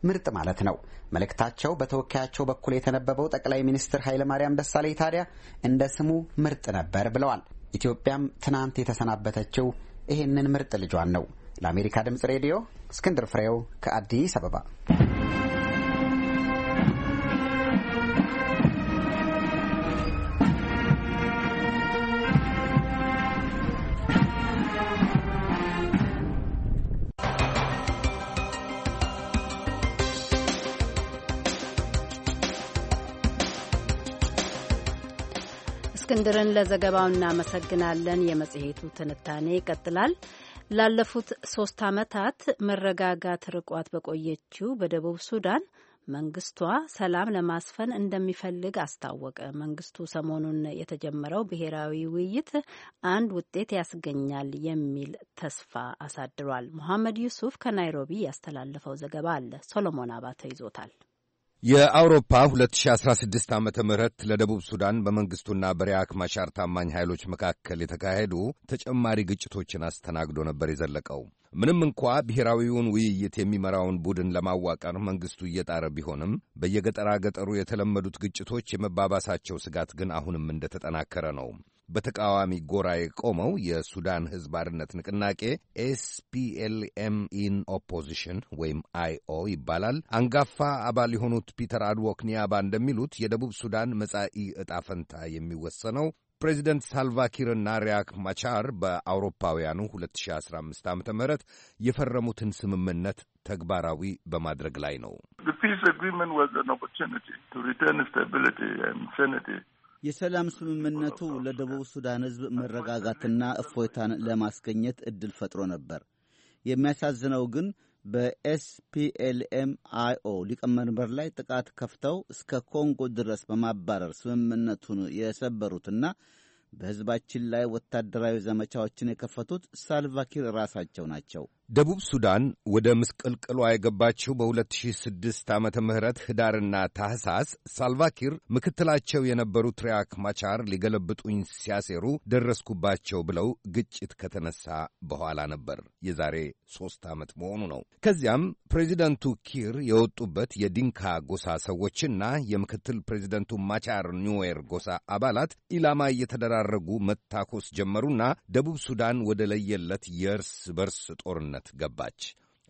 ምርጥ ማለት ነው። መልእክታቸው በተወካያቸው በኩል የተነበበው ጠቅላይ ሚኒስትር ኃይለማርያም ደሳለኝ ታዲያ እንደ ስሙ ምርጥ ነበር ብለዋል። ኢትዮጵያም ትናንት የተሰናበተችው ይህንን ምርጥ ልጇን ነው። ለአሜሪካ ድምጽ ሬዲዮ እስክንድር ፍሬው ከአዲስ አበባ እስክንድርን ለዘገባው እናመሰግናለን። የመጽሔቱ ትንታኔ ይቀጥላል። ላለፉት ሶስት ዓመታት መረጋጋት ርቋት በቆየችው በደቡብ ሱዳን መንግስቷ ሰላም ለማስፈን እንደሚፈልግ አስታወቀ። መንግስቱ ሰሞኑን የተጀመረው ብሔራዊ ውይይት አንድ ውጤት ያስገኛል የሚል ተስፋ አሳድሯል። ሙሐመድ ዩሱፍ ከናይሮቢ ያስተላለፈው ዘገባ አለ። ሶሎሞን አባተ ይዞታል። የአውሮፓ 2016 ዓ ም ለደቡብ ሱዳን በመንግሥቱና በሪያክ ማሻር ታማኝ ኃይሎች መካከል የተካሄዱ ተጨማሪ ግጭቶችን አስተናግዶ ነበር የዘለቀው። ምንም እንኳ ብሔራዊውን ውይይት የሚመራውን ቡድን ለማዋቀር መንግሥቱ እየጣረ ቢሆንም በየገጠራ ገጠሩ የተለመዱት ግጭቶች የመባባሳቸው ስጋት ግን አሁንም እንደተጠናከረ ነው። በተቃዋሚ ጎራ የቆመው የሱዳን ሕዝብ አርነት ንቅናቄ ኤስፒኤልኤም ኢን ኦፖዚሽን ወይም አይኦ ይባላል። አንጋፋ አባል የሆኑት ፒተር አድዎክ ኒያባ እንደሚሉት የደቡብ ሱዳን መጻኢ ዕጣ ፈንታ የሚወሰነው ፕሬዚደንት ሳልቫኪርና ሪያክ ማቻር በአውሮፓውያኑ 2015 ዓ ም የፈረሙትን ስምምነት ተግባራዊ በማድረግ ላይ ነው። የሰላም ስምምነቱ ለደቡብ ሱዳን ሕዝብ መረጋጋትና እፎይታን ለማስገኘት እድል ፈጥሮ ነበር። የሚያሳዝነው ግን በኤስፒኤልኤም አይኦ ሊቀመንበር ላይ ጥቃት ከፍተው እስከ ኮንጎ ድረስ በማባረር ስምምነቱን የሰበሩትና በሕዝባችን ላይ ወታደራዊ ዘመቻዎችን የከፈቱት ሳልቫኪር ራሳቸው ናቸው። ደቡብ ሱዳን ወደ ምስቅልቅሏ የገባችው በ2006 ዓመተ ምህረት ህዳርና ታህሳስ ሳልቫኪር ምክትላቸው የነበሩት ሪያክ ማቻር ሊገለብጡኝ ሲያሴሩ ደረስኩባቸው ብለው ግጭት ከተነሳ በኋላ ነበር። የዛሬ ሦስት ዓመት መሆኑ ነው። ከዚያም ፕሬዚደንቱ ኪር የወጡበት የዲንካ ጎሳ ሰዎችና የምክትል ፕሬዚደንቱ ማቻር ኒዌር ጎሳ አባላት ኢላማ እየተደራረጉ መታኮስ ጀመሩና ደቡብ ሱዳን ወደ ለየለት የእርስ በርስ ጦርነት ጦርነት ገባች።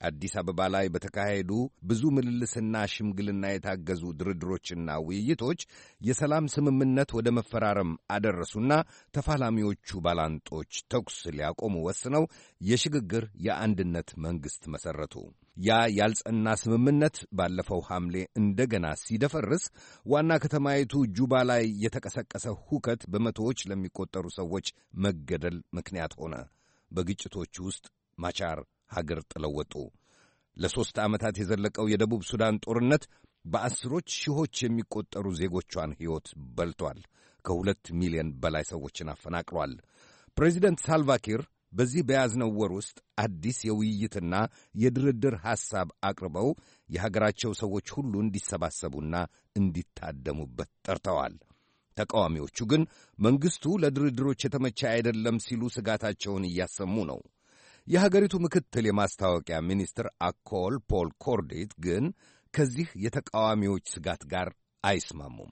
አዲስ አበባ ላይ በተካሄዱ ብዙ ምልልስና ሽምግልና የታገዙ ድርድሮችና ውይይቶች የሰላም ስምምነት ወደ መፈራረም አደረሱና ተፋላሚዎቹ ባላንጦች ተኩስ ሊያቆሙ ወስነው የሽግግር የአንድነት መንግሥት መሠረቱ። ያ ያልጸና ስምምነት ባለፈው ሐምሌ እንደገና ሲደፈርስ ዋና ከተማይቱ ጁባ ላይ የተቀሰቀሰ ሁከት በመቶዎች ለሚቆጠሩ ሰዎች መገደል ምክንያት ሆነ። በግጭቶች ውስጥ ማቻር ሀገር ጥለው ወጡ። ለሦስት ዓመታት የዘለቀው የደቡብ ሱዳን ጦርነት በአስሮች ሺዎች የሚቆጠሩ ዜጎቿን ሕይወት በልቷል። ከሁለት ሚሊዮን በላይ ሰዎችን አፈናቅሏል። ፕሬዚደንት ሳልቫኪር በዚህ በያዝነው ወር ውስጥ አዲስ የውይይትና የድርድር ሐሳብ አቅርበው የሀገራቸው ሰዎች ሁሉ እንዲሰባሰቡና እንዲታደሙበት ጠርተዋል። ተቃዋሚዎቹ ግን መንግሥቱ ለድርድሮች የተመቸ አይደለም ሲሉ ስጋታቸውን እያሰሙ ነው። የሀገሪቱ ምክትል የማስታወቂያ ሚኒስትር አኮል ፖል ኮርዴት ግን ከዚህ የተቃዋሚዎች ስጋት ጋር አይስማሙም።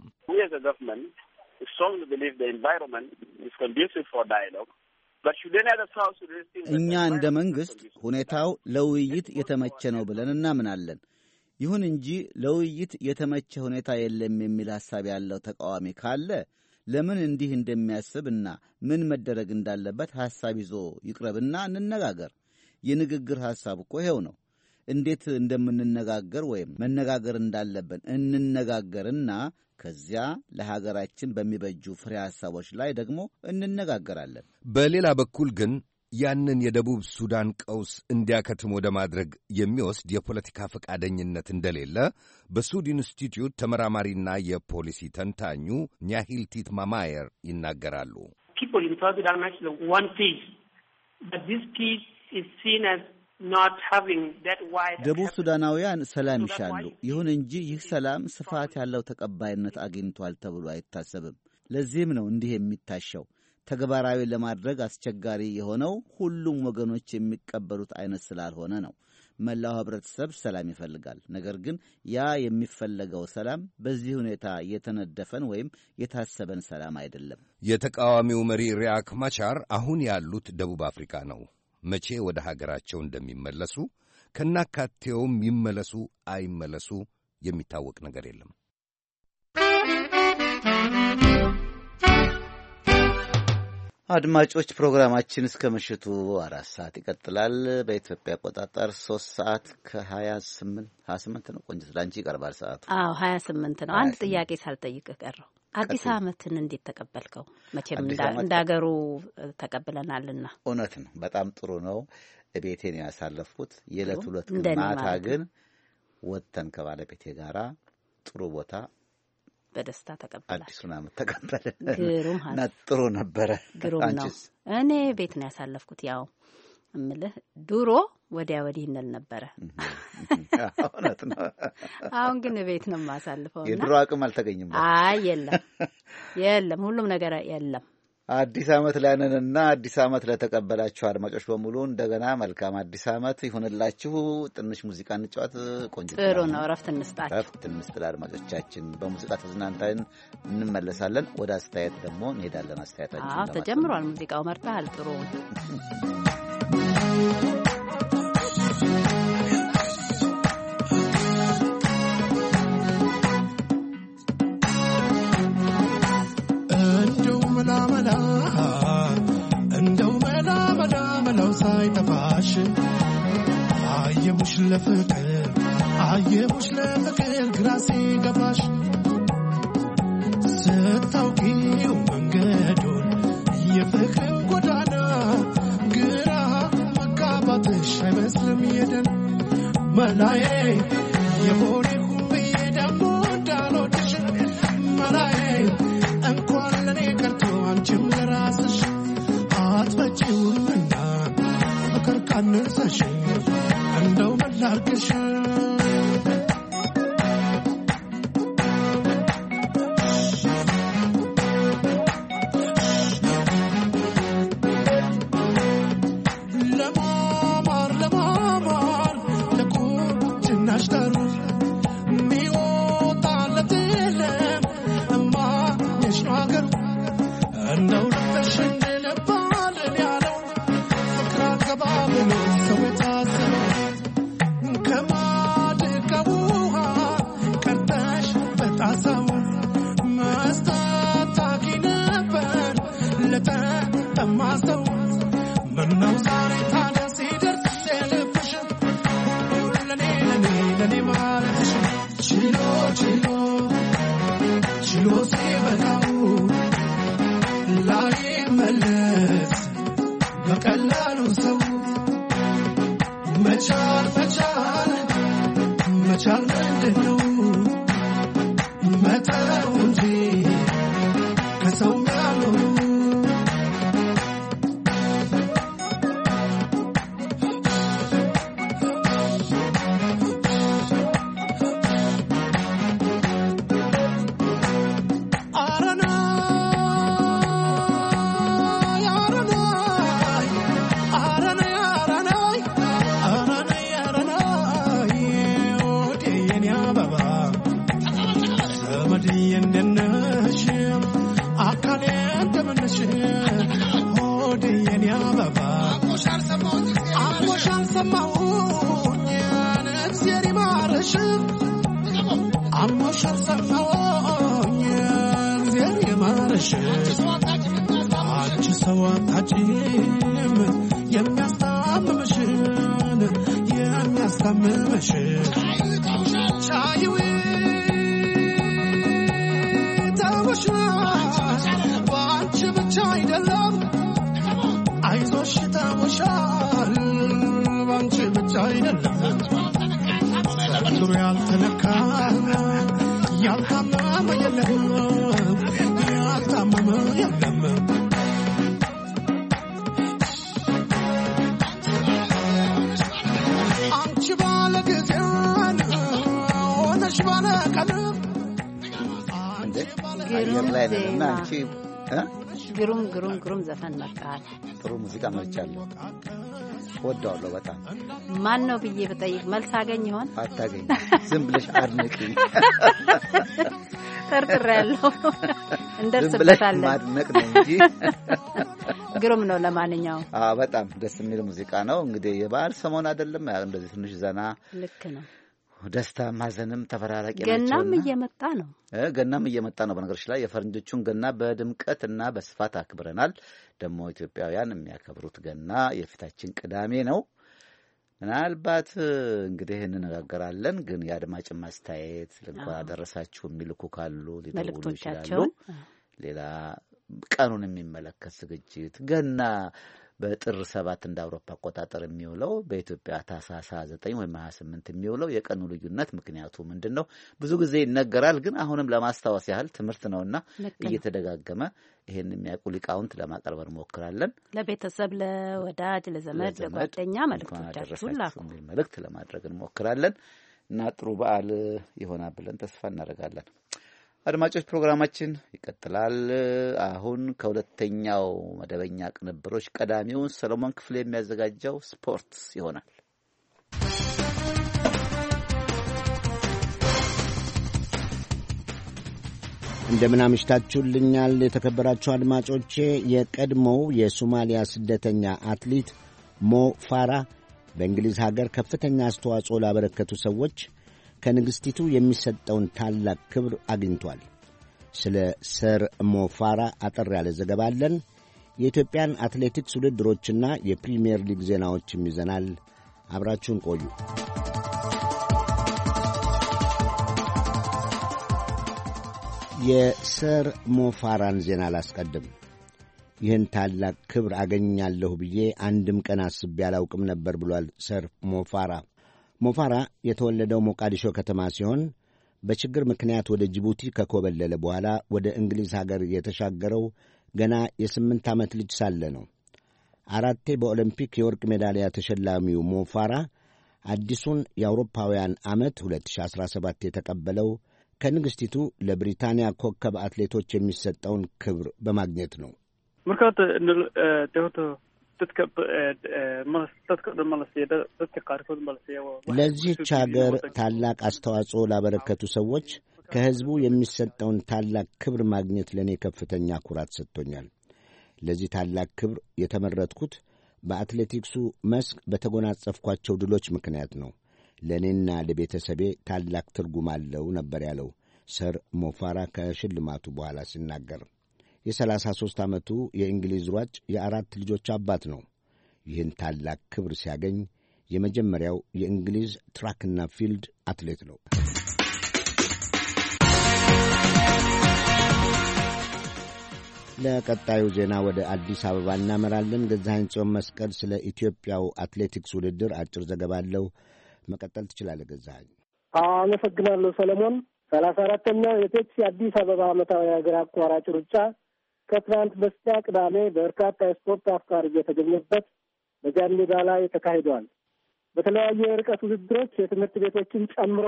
እኛ እንደ መንግሥት ሁኔታው ለውይይት የተመቸ ነው ብለን እናምናለን። ይሁን እንጂ ለውይይት የተመቸ ሁኔታ የለም የሚል ሐሳብ ያለው ተቃዋሚ ካለ ለምን እንዲህ እንደሚያስብ እና ምን መደረግ እንዳለበት ሐሳብ ይዞ ይቅረብና እንነጋገር። የንግግር ሐሳብ እኮ ይኸው ነው። እንዴት እንደምንነጋገር ወይም መነጋገር እንዳለብን እንነጋገርና ከዚያ ለሀገራችን በሚበጁ ፍሬ ሐሳቦች ላይ ደግሞ እንነጋገራለን። በሌላ በኩል ግን ያንን የደቡብ ሱዳን ቀውስ እንዲያከትም ወደ ማድረግ የሚወስድ የፖለቲካ ፈቃደኝነት እንደሌለ በሱድ ኢንስቲትዩት ተመራማሪና የፖሊሲ ተንታኙ ኒያሂል ቲት ማማየር ይናገራሉ። ደቡብ ሱዳናውያን ሰላም ይሻሉ። ይሁን እንጂ ይህ ሰላም ስፋት ያለው ተቀባይነት አግኝቷል ተብሎ አይታሰብም። ለዚህም ነው እንዲህ የሚታሸው። ተግባራዊ ለማድረግ አስቸጋሪ የሆነው ሁሉም ወገኖች የሚቀበሉት አይነት ስላልሆነ ነው። መላው ህብረተሰብ ሰላም ይፈልጋል። ነገር ግን ያ የሚፈለገው ሰላም በዚህ ሁኔታ የተነደፈን ወይም የታሰበን ሰላም አይደለም። የተቃዋሚው መሪ ሪያክ ማቻር አሁን ያሉት ደቡብ አፍሪካ ነው። መቼ ወደ ሀገራቸው እንደሚመለሱ ከናካቴውም ይመለሱ አይመለሱ የሚታወቅ ነገር የለም። አድማጮች ፕሮግራማችን እስከ ምሽቱ አራት ሰዓት ይቀጥላል። በኢትዮጵያ አቆጣጠር ሶስት ሰዓት ከሀያ ስምንት ሀያ ስምንት ነው። ቆንጆ ስለአንቺ ይቀርባል ሰዓቱ። አዎ ሀያ ስምንት ነው። አንድ ጥያቄ ሳልጠይቅ ቀረው። አዲስ ዓመትን እንዴት ተቀበልከው? መቼም እንዳገሩ ተቀብለናልና እውነት ነው። በጣም ጥሩ ነው። ቤቴን ያሳለፍኩት። የዕለት ሁለት ማታ ግን ወጥተን ከባለቤቴ ጋራ ጥሩ ቦታ በደስታ ተቀበላል። አዲሱን ዓመት ተቀበለ። ግሩም ጥሩ ነበረ። ግሩም ነው። እኔ ቤት ነው ያሳለፍኩት። ያው እምልህ ድሮ ወዲያ ወዲህ እንል ነበረ። እውነት ነው። አሁን ግን ቤት ነው የማሳልፈው። የድሮ አቅም አልተገኝም። አይ የለም፣ የለም፣ ሁሉም ነገር የለም። አዲስ ዓመት ለንንና አዲስ ዓመት ለተቀበላችሁ አድማጮች በሙሉ እንደገና መልካም አዲስ ዓመት ይሁንላችሁ። ትንሽ ሙዚቃ እንጫወት። ቆንጆ ጥሩ ነው። እረፍት እንስጣችሁ። እረፍት እንስጥ ለአድማጮቻችን። በሙዚቃ ተዝናንተን እንመለሳለን። ወደ አስተያየት ደግሞ እንሄዳለን። አስተያየታችን ተጀምሯል። ሙዚቃው መርጠሃል። ጥሩ አይጠፋሽ አየሁሽ ለፍቅር አየሁሽ ለፍቅር ግራ ሲገባሽ ስታውቂው መንገዱን የፍቅር ጎዳና ግራ መጋባትሽ አይመስልም የደን መላዬ የሆነ ሁብዬ ደግሞ እንዳልወድሽ መላዬ እንኳን ለእኔ ቀርቶ አንቺም ለራስሽ አትበጪውም አነሰሽ እንደው መላርገሽ And no reflection ቁጥሩ ያልተለካ ያልታመመ የለም ያልታመመ የለም አንቺ ባለ ጊዜ ሆነሽ ባለ ቀን አየር ላይ ነንና አንቺ ግሩም ግሩም ግሩም ዘፈን መርጠሃል። ጥሩ ሙዚቃ መርጫለሁ። ወደዋለሁ በጣም ማን ነው ብዬ ብጠይቅ መልስ አገኝ ይሆን? አታገኝ። ዝም ብለሽ አድንቂ። ጠርጥሬያለሁ። እንደርስበታለን። ማድነቅ ነው እንጂ ግሩም ነው። ለማንኛውም በጣም ደስ የሚል ሙዚቃ ነው። እንግዲህ የበዓል ሰሞን አይደለም እንደዚህ ትንሽ ዘና ልክ ነው ደስታም ማዘንም ተፈራራቂ ገናም እየመጣ ነው። ገናም እየመጣ ነው። በነገሮች ላይ የፈረንጆቹን ገና በድምቀት እና በስፋት አክብረናል። ደግሞ ኢትዮጵያውያን የሚያከብሩት ገና የፊታችን ቅዳሜ ነው። ምናልባት እንግዲህ እንነጋገራለን። ግን የአድማጭ ማስተያየት እንኳን አደረሳችሁ የሚልኩ ካሉ ሊደውሉ ይችላሉ። ሌላ ቀኑን የሚመለከት ዝግጅት ገና በጥር ሰባት እንደ አውሮፓ አቆጣጠር የሚውለው በኢትዮጵያ ታህሳስ ዘጠኝ ወይም 28 የሚውለው የቀኑ ልዩነት ምክንያቱ ምንድን ነው? ብዙ ጊዜ ይነገራል፣ ግን አሁንም ለማስታወስ ያህል ትምህርት ነውና እየተደጋገመ ይህን የሚያውቁ ሊቃውንት ለማቀርብ እንሞክራለን። ለቤተሰብ፣ ለወዳጅ፣ ለዘመድ፣ ለጓደኛ መልእክቶቻችሁን ላኩ መልእክት ለማድረግ እንሞክራለን እና ጥሩ በዓል ይሆናል ብለን ተስፋ እናደርጋለን። አድማጮች ፕሮግራማችን ይቀጥላል። አሁን ከሁለተኛው መደበኛ ቅንብሮች ቀዳሚውን ሰለሞን ክፍሌ የሚያዘጋጀው ስፖርት ይሆናል። እንደምን አምሽታችሁልኛል የተከበራችሁ አድማጮቼ። የቀድሞው የሶማሊያ ስደተኛ አትሌት ሞ ፋራ በእንግሊዝ ሀገር ከፍተኛ አስተዋጽኦ ላበረከቱ ሰዎች ከንግሥቲቱ የሚሰጠውን ታላቅ ክብር አግኝቷል። ስለ ሰር ሞፋራ አጠር ያለ ዘገባ አለን። የኢትዮጵያን አትሌቲክስ ውድድሮችና የፕሪምየር ሊግ ዜናዎችም ይዘናል። አብራችሁን ቆዩ። የሰር ሞፋራን ዜና አላስቀድም። ይህን ታላቅ ክብር አገኛለሁ ብዬ አንድም ቀን አስቤ አላውቅም ነበር ብሏል ሰር ሞፋራ ሞፋራ የተወለደው ሞቃዲሾ ከተማ ሲሆን በችግር ምክንያት ወደ ጅቡቲ ከኮበለለ በኋላ ወደ እንግሊዝ ሀገር የተሻገረው ገና የስምንት ዓመት ልጅ ሳለ ነው። አራቴ በኦሎምፒክ የወርቅ ሜዳሊያ ተሸላሚው ሞፋራ አዲሱን የአውሮፓውያን ዓመት 2017 የተቀበለው ከንግሥቲቱ ለብሪታንያ ኮከብ አትሌቶች የሚሰጠውን ክብር በማግኘት ነው። Eh, eh, ለዚህች ሀገር ታላቅ አስተዋጽኦ ላበረከቱ ሰዎች ከሕዝቡ የሚሰጠውን ታላቅ ክብር ማግኘት ለእኔ ከፍተኛ ኩራት ሰጥቶኛል። ለዚህ ታላቅ ክብር የተመረጥኩት በአትሌቲክሱ መስክ በተጎናጸፍኳቸው ድሎች ምክንያት ነው። ለእኔና ለቤተሰቤ ታላቅ ትርጉም አለው ነበር ያለው ሰር ሞፋራ ከሽልማቱ በኋላ ሲናገር የ33 ዓመቱ የእንግሊዝ ሯጭ የአራት ልጆች አባት ነው። ይህን ታላቅ ክብር ሲያገኝ የመጀመሪያው የእንግሊዝ ትራክና ፊልድ አትሌት ነው። ለቀጣዩ ዜና ወደ አዲስ አበባ እናመራለን። ገዛኸኝ ጽዮን መስቀል ስለ ኢትዮጵያው አትሌቲክስ ውድድር አጭር ዘገባ አለው። መቀጠል ትችላለህ ገዛኸኝ። አመሰግናለሁ ሰለሞን። ሰላሳ አራተኛው የፔፕሲ አዲስ አበባ ዓመታዊ ሀገር አቋራጭ ሩጫ ከትናንት በስቲያ ቅዳሜ በርካታ የስፖርት አፍቃሪ እየተገኘበት በጃንሜዳ ላይ ተካሂዷል። በተለያዩ የርቀት ውድድሮች የትምህርት ቤቶችን ጨምሮ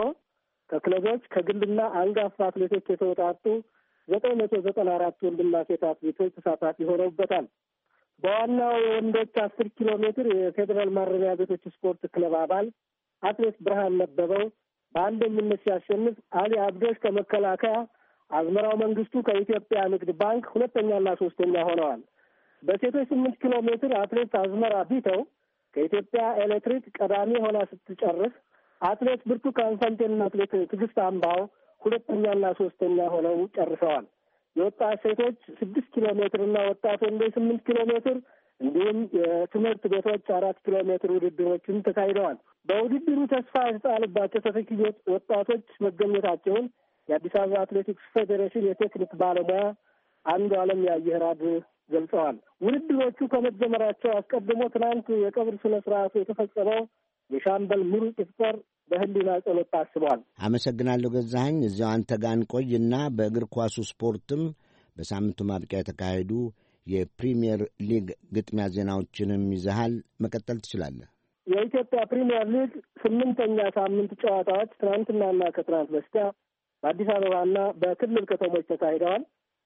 ከክለቦች ከግልና አንጋፋ አትሌቶች የተወጣጡ ዘጠኝ መቶ ዘጠና አራት ወንድና ሴት አትሌቶች ተሳታፊ ሆነውበታል። በዋናው የወንዶች አስር ኪሎ ሜትር የፌዴራል ማረሚያ ቤቶች ስፖርት ክለብ አባል አትሌት ብርሃን ነበበው በአንደኝነት ሲያሸንፍ፣ አሊ አብዶሽ ከመከላከያ አዝመራው መንግስቱ ከኢትዮጵያ ንግድ ባንክ ሁለተኛና ሶስተኛ ሆነዋል። በሴቶች ስምንት ኪሎ ሜትር አትሌት አዝመራ ቢተው ከኢትዮጵያ ኤሌክትሪክ ቀዳሚ ሆና ስትጨርስ አትሌት ብርቱካን ፈንቴና አትሌት ትዕግስት አምባው ሁለተኛና ሶስተኛ ሆነው ጨርሰዋል። የወጣት ሴቶች ስድስት ኪሎ ሜትርና ወጣት ወንዶች ስምንት ኪሎ ሜትር እንዲሁም የትምህርት ቤቶች አራት ኪሎ ሜትር ውድድሮችን ተካሂደዋል። በውድድሩ ተስፋ የተጣለባቸው ተተኪ ወጣቶች መገኘታቸውን የአዲስ አበባ አትሌቲክስ ፌዴሬሽን የቴክኒክ ባለሙያ አንዱ አለም ያየህራድ ገልጸዋል። ውድድሮቹ ከመጀመራቸው አስቀድሞ ትናንት የቀብር ስነ ስርዓቱ የተፈጸመው የሻምበል ምሩጽ ይፍጠር በህሊና ጸሎት ታስቧል። አመሰግናለሁ ገዛኸኝ። እዚያው አንተ ጋር እንቆይና በእግር ኳሱ ስፖርትም በሳምንቱ ማብቂያ የተካሄዱ የፕሪምየር ሊግ ግጥሚያ ዜናዎችንም ይዘሃል፣ መቀጠል ትችላለህ። የኢትዮጵያ ፕሪምየር ሊግ ስምንተኛ ሳምንት ጨዋታዎች ትናንትናና ከትናንት በስቲያ በአዲስ አበባና በክልል ከተሞች ተካሂደዋል።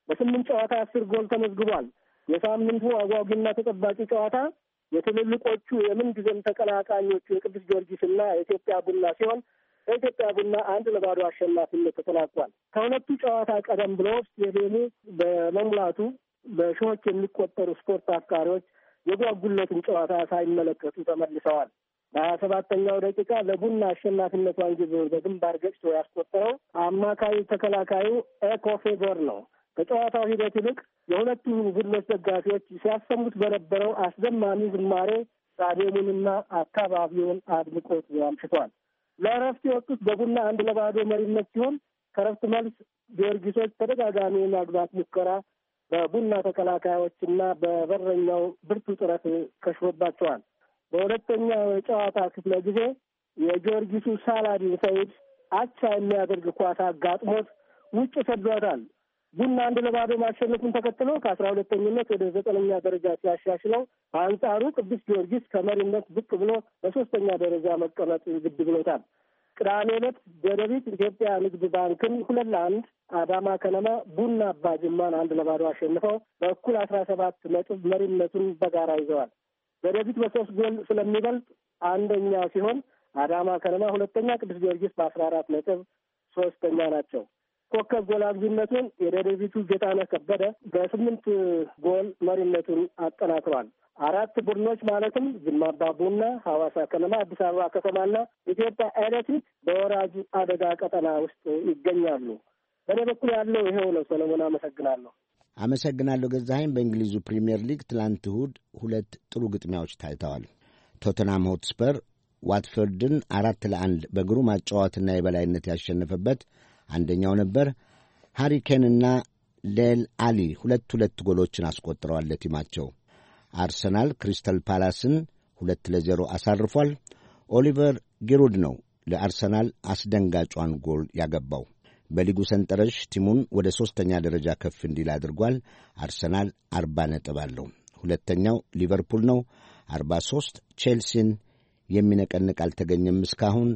በስምንት ጨዋታ አስር ጎል ተመዝግቧል። የሳምንቱ አጓጊና ተጠባቂ ጨዋታ የትልልቆቹ የምንጊዜም ተቀናቃኞቹ የቅዱስ ጊዮርጊስና የኢትዮጵያ ቡና ሲሆን በኢትዮጵያ ቡና አንድ ለባዶ አሸናፊነት ተጠናቋል። ከሁለቱ ጨዋታ ቀደም ብሎ ስቴዲየሙ በመሙላቱ በሺዎች የሚቆጠሩ ስፖርት አፍቃሪዎች የጓጉለትን ጨዋታ ሳይመለከቱ ተመልሰዋል። በሀያ ሰባተኛው ደቂቃ ለቡና አሸናፊነቷን ግብ በግንባር ገጭቶ ያስቆጠረው አማካይ ተከላካዩ ኤኮፌጎር ነው። ከጨዋታው ሂደት ይልቅ የሁለቱ ቡድኖች ደጋፊዎች ሲያሰሙት በነበረው አስደማሚ ዝማሬ ስታዲየሙንና አካባቢውን አድምቆት አምሽቷል። ለእረፍት የወጡት በቡና አንድ ለባዶ መሪነት ሲሆን ከእረፍት መልስ ጊዮርጊሶች ተደጋጋሚ የማግባት ሙከራ በቡና ተከላካዮችና በበረኛው ብርቱ ጥረት ከሽሮባቸዋል። በሁለተኛው የጨዋታ ክፍለ ጊዜ የጊዮርጊሱ ሳላዲን ሰይድ አቻ የሚያደርግ ኳስ አጋጥሞት ውጭ ሰዷታል። ቡና አንድ ለባዶ ማሸነፉን ተከትሎ ከአስራ ሁለተኝነት ወደ ዘጠነኛ ደረጃ ሲያሻሽለው፣ በአንጻሩ ቅዱስ ጊዮርጊስ ከመሪነት ዝቅ ብሎ በሶስተኛ ደረጃ መቀመጥ ግድ ብሎታል። ቅዳሜ ዕለት ደደቢት ኢትዮጵያ ንግድ ባንክን ሁለት ለአንድ፣ አዳማ ከነማ ቡና አባ ጅማን አንድ ለባዶ አሸንፈው በእኩል አስራ ሰባት ነጥብ መሪነቱን በጋራ ይዘዋል። በደቢት በሶስት ጎል ስለሚበልጥ አንደኛ ሲሆን አዳማ ከነማ ሁለተኛ፣ ቅዱስ ጊዮርጊስ በአስራ አራት ነጥብ ሶስተኛ ናቸው። ኮከብ ጎል አግቢነቱን የደደቢቱ ጌታነህ ከበደ በስምንት ጎል መሪነቱን አጠናክሯል። አራት ቡድኖች ማለትም ጅማ አባ ቡና፣ ሐዋሳ ከነማ፣ አዲስ አበባ ከተማና ኢትዮጵያ ኤሌክትሪክ በወራጅ አደጋ ቀጠና ውስጥ ይገኛሉ። በእኔ በኩል ያለው ይሄው ነው። ሰለሞን አመሰግናለሁ። አመሰግናለሁ ገዛኸኝ። በእንግሊዙ ፕሪምየር ሊግ ትላንት እሁድ ሁለት ጥሩ ግጥሚያዎች ታይተዋል። ቶተናም ሆትስፐር ዋትፈርድን አራት ለአንድ በግሩ ማጫወትና የበላይነት ያሸነፈበት አንደኛው ነበር። ሃሪኬንና ሌል አሊ ሁለት ሁለት ጎሎችን አስቆጥረዋል ለቲማቸው። አርሰናል ክሪስታል ፓላስን ሁለት ለዜሮ አሳርፏል። ኦሊቨር ጊሩድ ነው ለአርሰናል አስደንጋጯን ጎል ያገባው። በሊጉ ሰንጠረዥ ቲሙን ወደ ሦስተኛ ደረጃ ከፍ እንዲል አድርጓል። አርሰናል አርባ ነጥብ አለው። ሁለተኛው ሊቨርፑል ነው፣ አርባ ሦስት ቼልሲን የሚነቀንቅ አልተገኘም። እስካሁን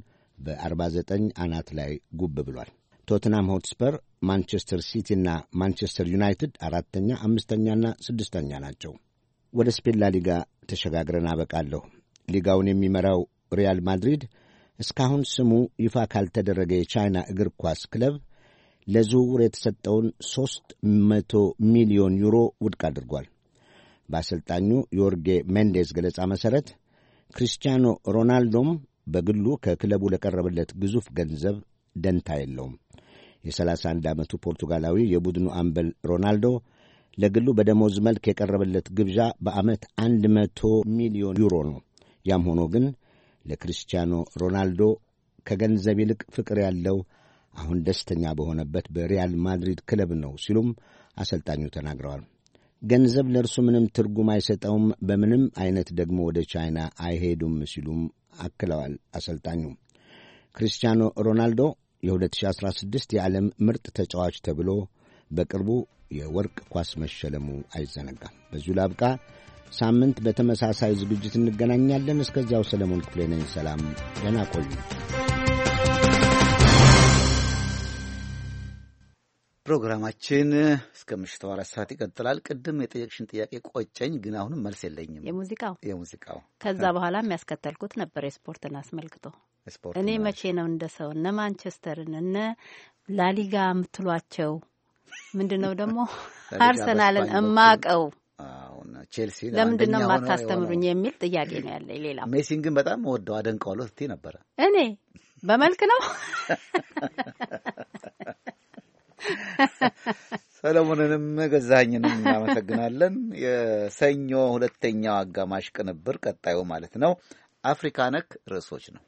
በአርባ ዘጠኝ አናት ላይ ጉብ ብሏል። ቶትናም ሆትስፐር፣ ማንቸስተር ሲቲና ማንቸስተር ዩናይትድ አራተኛ፣ አምስተኛና ስድስተኛ ናቸው። ወደ ስፔን ሊጋ ተሸጋግረን አበቃለሁ። ሊጋውን የሚመራው ሪያል ማድሪድ እስካሁን ስሙ ይፋ ካልተደረገ የቻይና እግር ኳስ ክለብ ለዝውውር የተሰጠውን ሦስት መቶ ሚሊዮን ዩሮ ውድቅ አድርጓል። በአሰልጣኙ ዮርጌ ሜንዴዝ ገለጻ መሠረት ክሪስቲያኖ ሮናልዶም በግሉ ከክለቡ ለቀረበለት ግዙፍ ገንዘብ ደንታ የለውም። የ31 ዓመቱ ፖርቱጋላዊ የቡድኑ አምበል ሮናልዶ ለግሉ በደሞዝ መልክ የቀረበለት ግብዣ በዓመት 100 ሚሊዮን ዩሮ ነው። ያም ሆኖ ግን ለክርስቲያኖ ሮናልዶ ከገንዘብ ይልቅ ፍቅር ያለው አሁን ደስተኛ በሆነበት በሪያል ማድሪድ ክለብ ነው ሲሉም አሰልጣኙ ተናግረዋል። ገንዘብ ለእርሱ ምንም ትርጉም አይሰጠውም፣ በምንም አይነት ደግሞ ወደ ቻይና አይሄዱም ሲሉም አክለዋል አሰልጣኙ። ክርስቲያኖ ሮናልዶ የ2016 የዓለም ምርጥ ተጫዋች ተብሎ በቅርቡ የወርቅ ኳስ መሸለሙ አይዘነጋም። በዚሁ ላብቃ። ሳምንት በተመሳሳይ ዝግጅት እንገናኛለን። እስከዚያው ሰለሞን ክፍሌ ነኝ። ሰላም፣ ደህና ቆዩ። ፕሮግራማችን እስከ ምሽቱ አራት ሰዓት ይቀጥላል። ቅድም የጠየቅሽን ጥያቄ ቆጨኝ፣ ግን አሁንም መልስ የለኝም። የሙዚቃው የሙዚቃው ከዛ በኋላ የሚያስከተልኩት ነበር የስፖርትን አስመልክቶ እኔ መቼ ነው እንደ ሰው እነ ማንቸስተርን እነ ላሊጋ የምትሏቸው ምንድን ነው ደግሞ አርሰናልን እማቀው ቼልሲ ለምንድን ነው የማታስተምሩኝ የሚል ጥያቄ ነው ያለኝ። ሌላ ሜሲን ግን በጣም ወደው አደንቀዋለሁ ስትይ ነበረ። እኔ በመልክ ነው ሰለሞንንም ገዛኸኝንም እናመሰግናለን። የሰኞ ሁለተኛው አጋማሽ ቅንብር ቀጣዩ ማለት ነው አፍሪካ ነክ ርዕሶች ነው።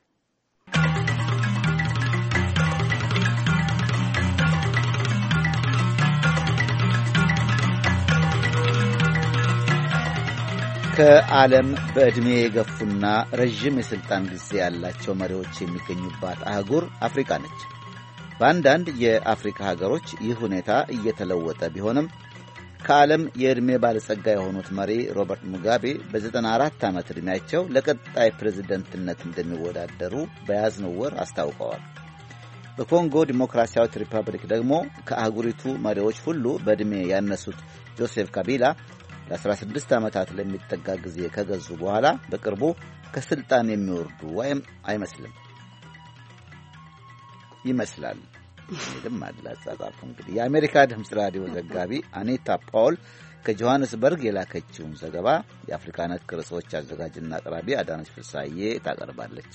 ከዓለም በዕድሜ የገፉና ረዥም የሥልጣን ጊዜ ያላቸው መሪዎች የሚገኙባት አህጉር አፍሪካ ነች። በአንዳንድ የአፍሪካ ሀገሮች ይህ ሁኔታ እየተለወጠ ቢሆንም ከዓለም የዕድሜ ባለጸጋ የሆኑት መሪ ሮበርት ሙጋቤ በ94 ዓመት ዕድሜያቸው ለቀጣይ ፕሬዝደንትነት እንደሚወዳደሩ በያዝነው ወር አስታውቀዋል። በኮንጎ ዲሞክራሲያዊት ሪፐብሊክ ደግሞ ከአህጉሪቱ መሪዎች ሁሉ በዕድሜ ያነሱት ጆሴፍ ካቢላ ለ16 ዓመታት ለሚጠጋ ጊዜ ከገዙ በኋላ በቅርቡ ከስልጣን የሚወርዱ ወይም አይመስልም ይመስላል ሚልም አለ አጻጻፉ። እንግዲህ የአሜሪካ ድምፅ ራዲዮ ዘጋቢ አኔታ ፓውል ከጆሐንስበርግ የላከችውን ዘገባ የአፍሪካ ነት አዘጋጅና አቅራቢ አዳነች ፍሳዬ ታቀርባለች።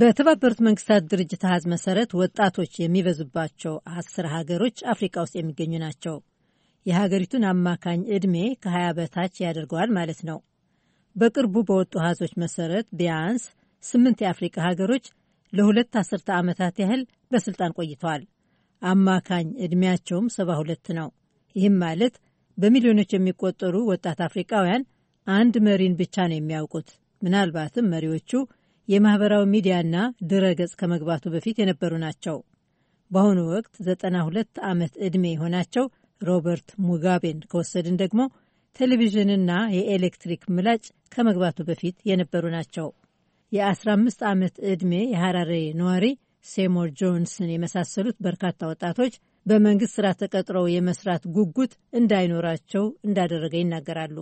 በተባበሩት መንግስታት ድርጅት አሃዝ መሰረት ወጣቶች የሚበዙባቸው አስር ሀገሮች አፍሪካ ውስጥ የሚገኙ ናቸው። የሀገሪቱን አማካኝ ዕድሜ ከ20 በታች ያደርገዋል ማለት ነው። በቅርቡ በወጡ አሃዞች መሰረት ቢያንስ ስምንት የአፍሪካ ሀገሮች ለሁለት አስርተ ዓመታት ያህል በስልጣን ቆይተዋል። አማካኝ ዕድሜያቸውም 72 ነው። ይህም ማለት በሚሊዮኖች የሚቆጠሩ ወጣት አፍሪካውያን አንድ መሪን ብቻ ነው የሚያውቁት። ምናልባትም መሪዎቹ የማኅበራዊ ሚዲያና ድረ ገጽ ከመግባቱ በፊት የነበሩ ናቸው። በአሁኑ ወቅት 92 ዓመት ዕድሜ የሆናቸው ሮበርት ሙጋቤን ከወሰድን ደግሞ ቴሌቪዥንና የኤሌክትሪክ ምላጭ ከመግባቱ በፊት የነበሩ ናቸው። የ15 ዓመት ዕድሜ የሐራሬ ነዋሪ ሴሞር ጆንስን የመሳሰሉት በርካታ ወጣቶች በመንግስት ስራ ተቀጥረው የመስራት ጉጉት እንዳይኖራቸው እንዳደረገ ይናገራሉ።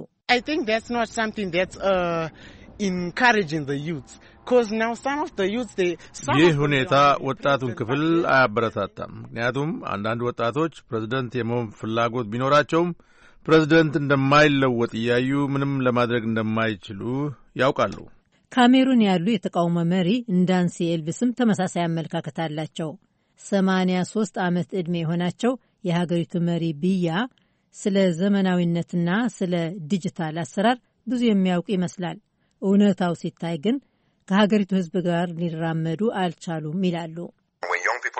ይህ ሁኔታ ወጣቱን ክፍል አያበረታታም። ምክንያቱም አንዳንድ ወጣቶች ፕሬዝደንት የመሆን ፍላጎት ቢኖራቸውም ፕሬዝደንት እንደማይለወጥ እያዩ ምንም ለማድረግ እንደማይችሉ ያውቃሉ። ካሜሩን ያሉ የተቃውሞ መሪ እንዳንሲ ኤልብስም ተመሳሳይ አመለካከት አላቸው። 83 ዓመት ዕድሜ የሆናቸው የሀገሪቱ መሪ ቢያ ስለ ዘመናዊነትና ስለ ዲጂታል አሰራር ብዙ የሚያውቅ ይመስላል። እውነታው ሲታይ ግን ከሀገሪቱ ሕዝብ ጋር ሊራመዱ አልቻሉም ይላሉ። uh,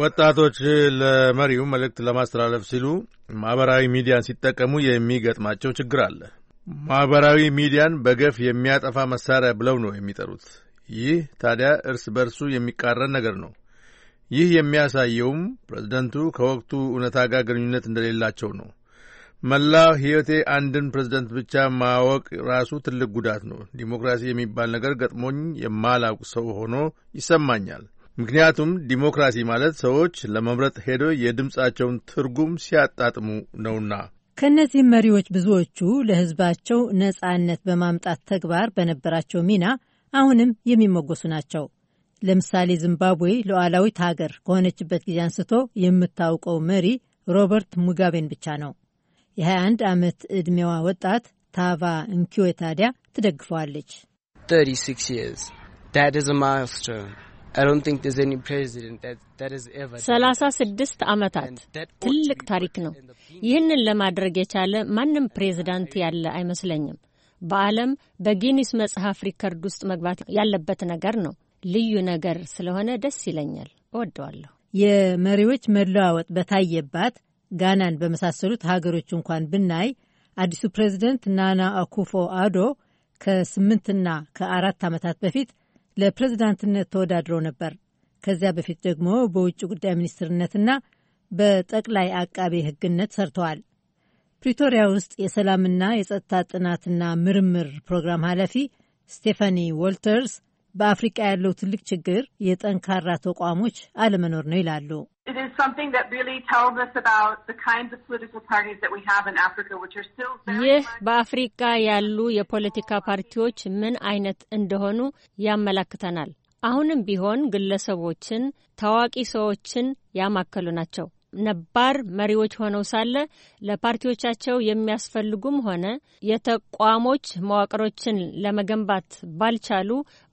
ወጣቶች ለመሪው መልእክት ለማስተላለፍ ሲሉ ማህበራዊ ሚዲያን ሲጠቀሙ የሚገጥማቸው ችግር አለ። ማህበራዊ ሚዲያን በገፍ የሚያጠፋ መሳሪያ ብለው ነው የሚጠሩት። ይህ ታዲያ እርስ በርሱ የሚቃረን ነገር ነው። ይህ የሚያሳየውም ፕሬዝደንቱ ከወቅቱ እውነታ ጋር ግንኙነት እንደሌላቸው ነው። መላው ህይወቴ አንድን ፕሬዝደንት ብቻ ማወቅ ራሱ ትልቅ ጉዳት ነው። ዲሞክራሲ የሚባል ነገር ገጥሞኝ የማላውቅ ሰው ሆኖ ይሰማኛል። ምክንያቱም ዲሞክራሲ ማለት ሰዎች ለመምረጥ ሄዶ የድምፃቸውን ትርጉም ሲያጣጥሙ ነውና። ከእነዚህም መሪዎች ብዙዎቹ ለህዝባቸው ነጻነት በማምጣት ተግባር በነበራቸው ሚና አሁንም የሚሞገሱ ናቸው። ለምሳሌ ዚምባብዌ ሉዓላዊት ሀገር ከሆነችበት ጊዜ አንስቶ የምታውቀው መሪ ሮበርት ሙጋቤን ብቻ ነው። የ21 ዓመት ዕድሜዋ ወጣት ታቫ እንኪዌ ታዲያ ትደግፈዋለች። ሰላሳ ስድስት ዓመታት ትልቅ ታሪክ ነው። ይህንን ለማድረግ የቻለ ማንም ፕሬዝዳንት ያለ አይመስለኝም። በዓለም በጊኒስ መጽሐፍ ሪከርድ ውስጥ መግባት ያለበት ነገር ነው። ልዩ ነገር ስለሆነ ደስ ይለኛል፣ እወደዋለሁ። የመሪዎች መለዋወጥ በታየባት ጋናን በመሳሰሉት ሀገሮች እንኳን ብናይ አዲሱ ፕሬዚደንት ናና አኩፎ አዶ ከስምንትና ከአራት ዓመታት በፊት ለፕሬዚዳንትነት ተወዳድረው ነበር። ከዚያ በፊት ደግሞ በውጭ ጉዳይ ሚኒስትርነትና በጠቅላይ አቃቤ ሕግነት ሰርተዋል። ፕሪቶሪያ ውስጥ የሰላምና የጸጥታ ጥናትና ምርምር ፕሮግራም ኃላፊ ስቴፋኒ ወልተርስ በአፍሪቃ ያለው ትልቅ ችግር የጠንካራ ተቋሞች አለመኖር ነው ይላሉ። ይህ በአፍሪካ ያሉ የፖለቲካ ፓርቲዎች ምን አይነት እንደሆኑ ያመላክተናል። አሁንም ቢሆን ግለሰቦችን፣ ታዋቂ ሰዎችን ያማከሉ ናቸው። ነባር መሪዎች ሆነው ሳለ ለፓርቲዎቻቸው የሚያስፈልጉም ሆነ የተቋሞች መዋቅሮችን ለመገንባት ባልቻሉ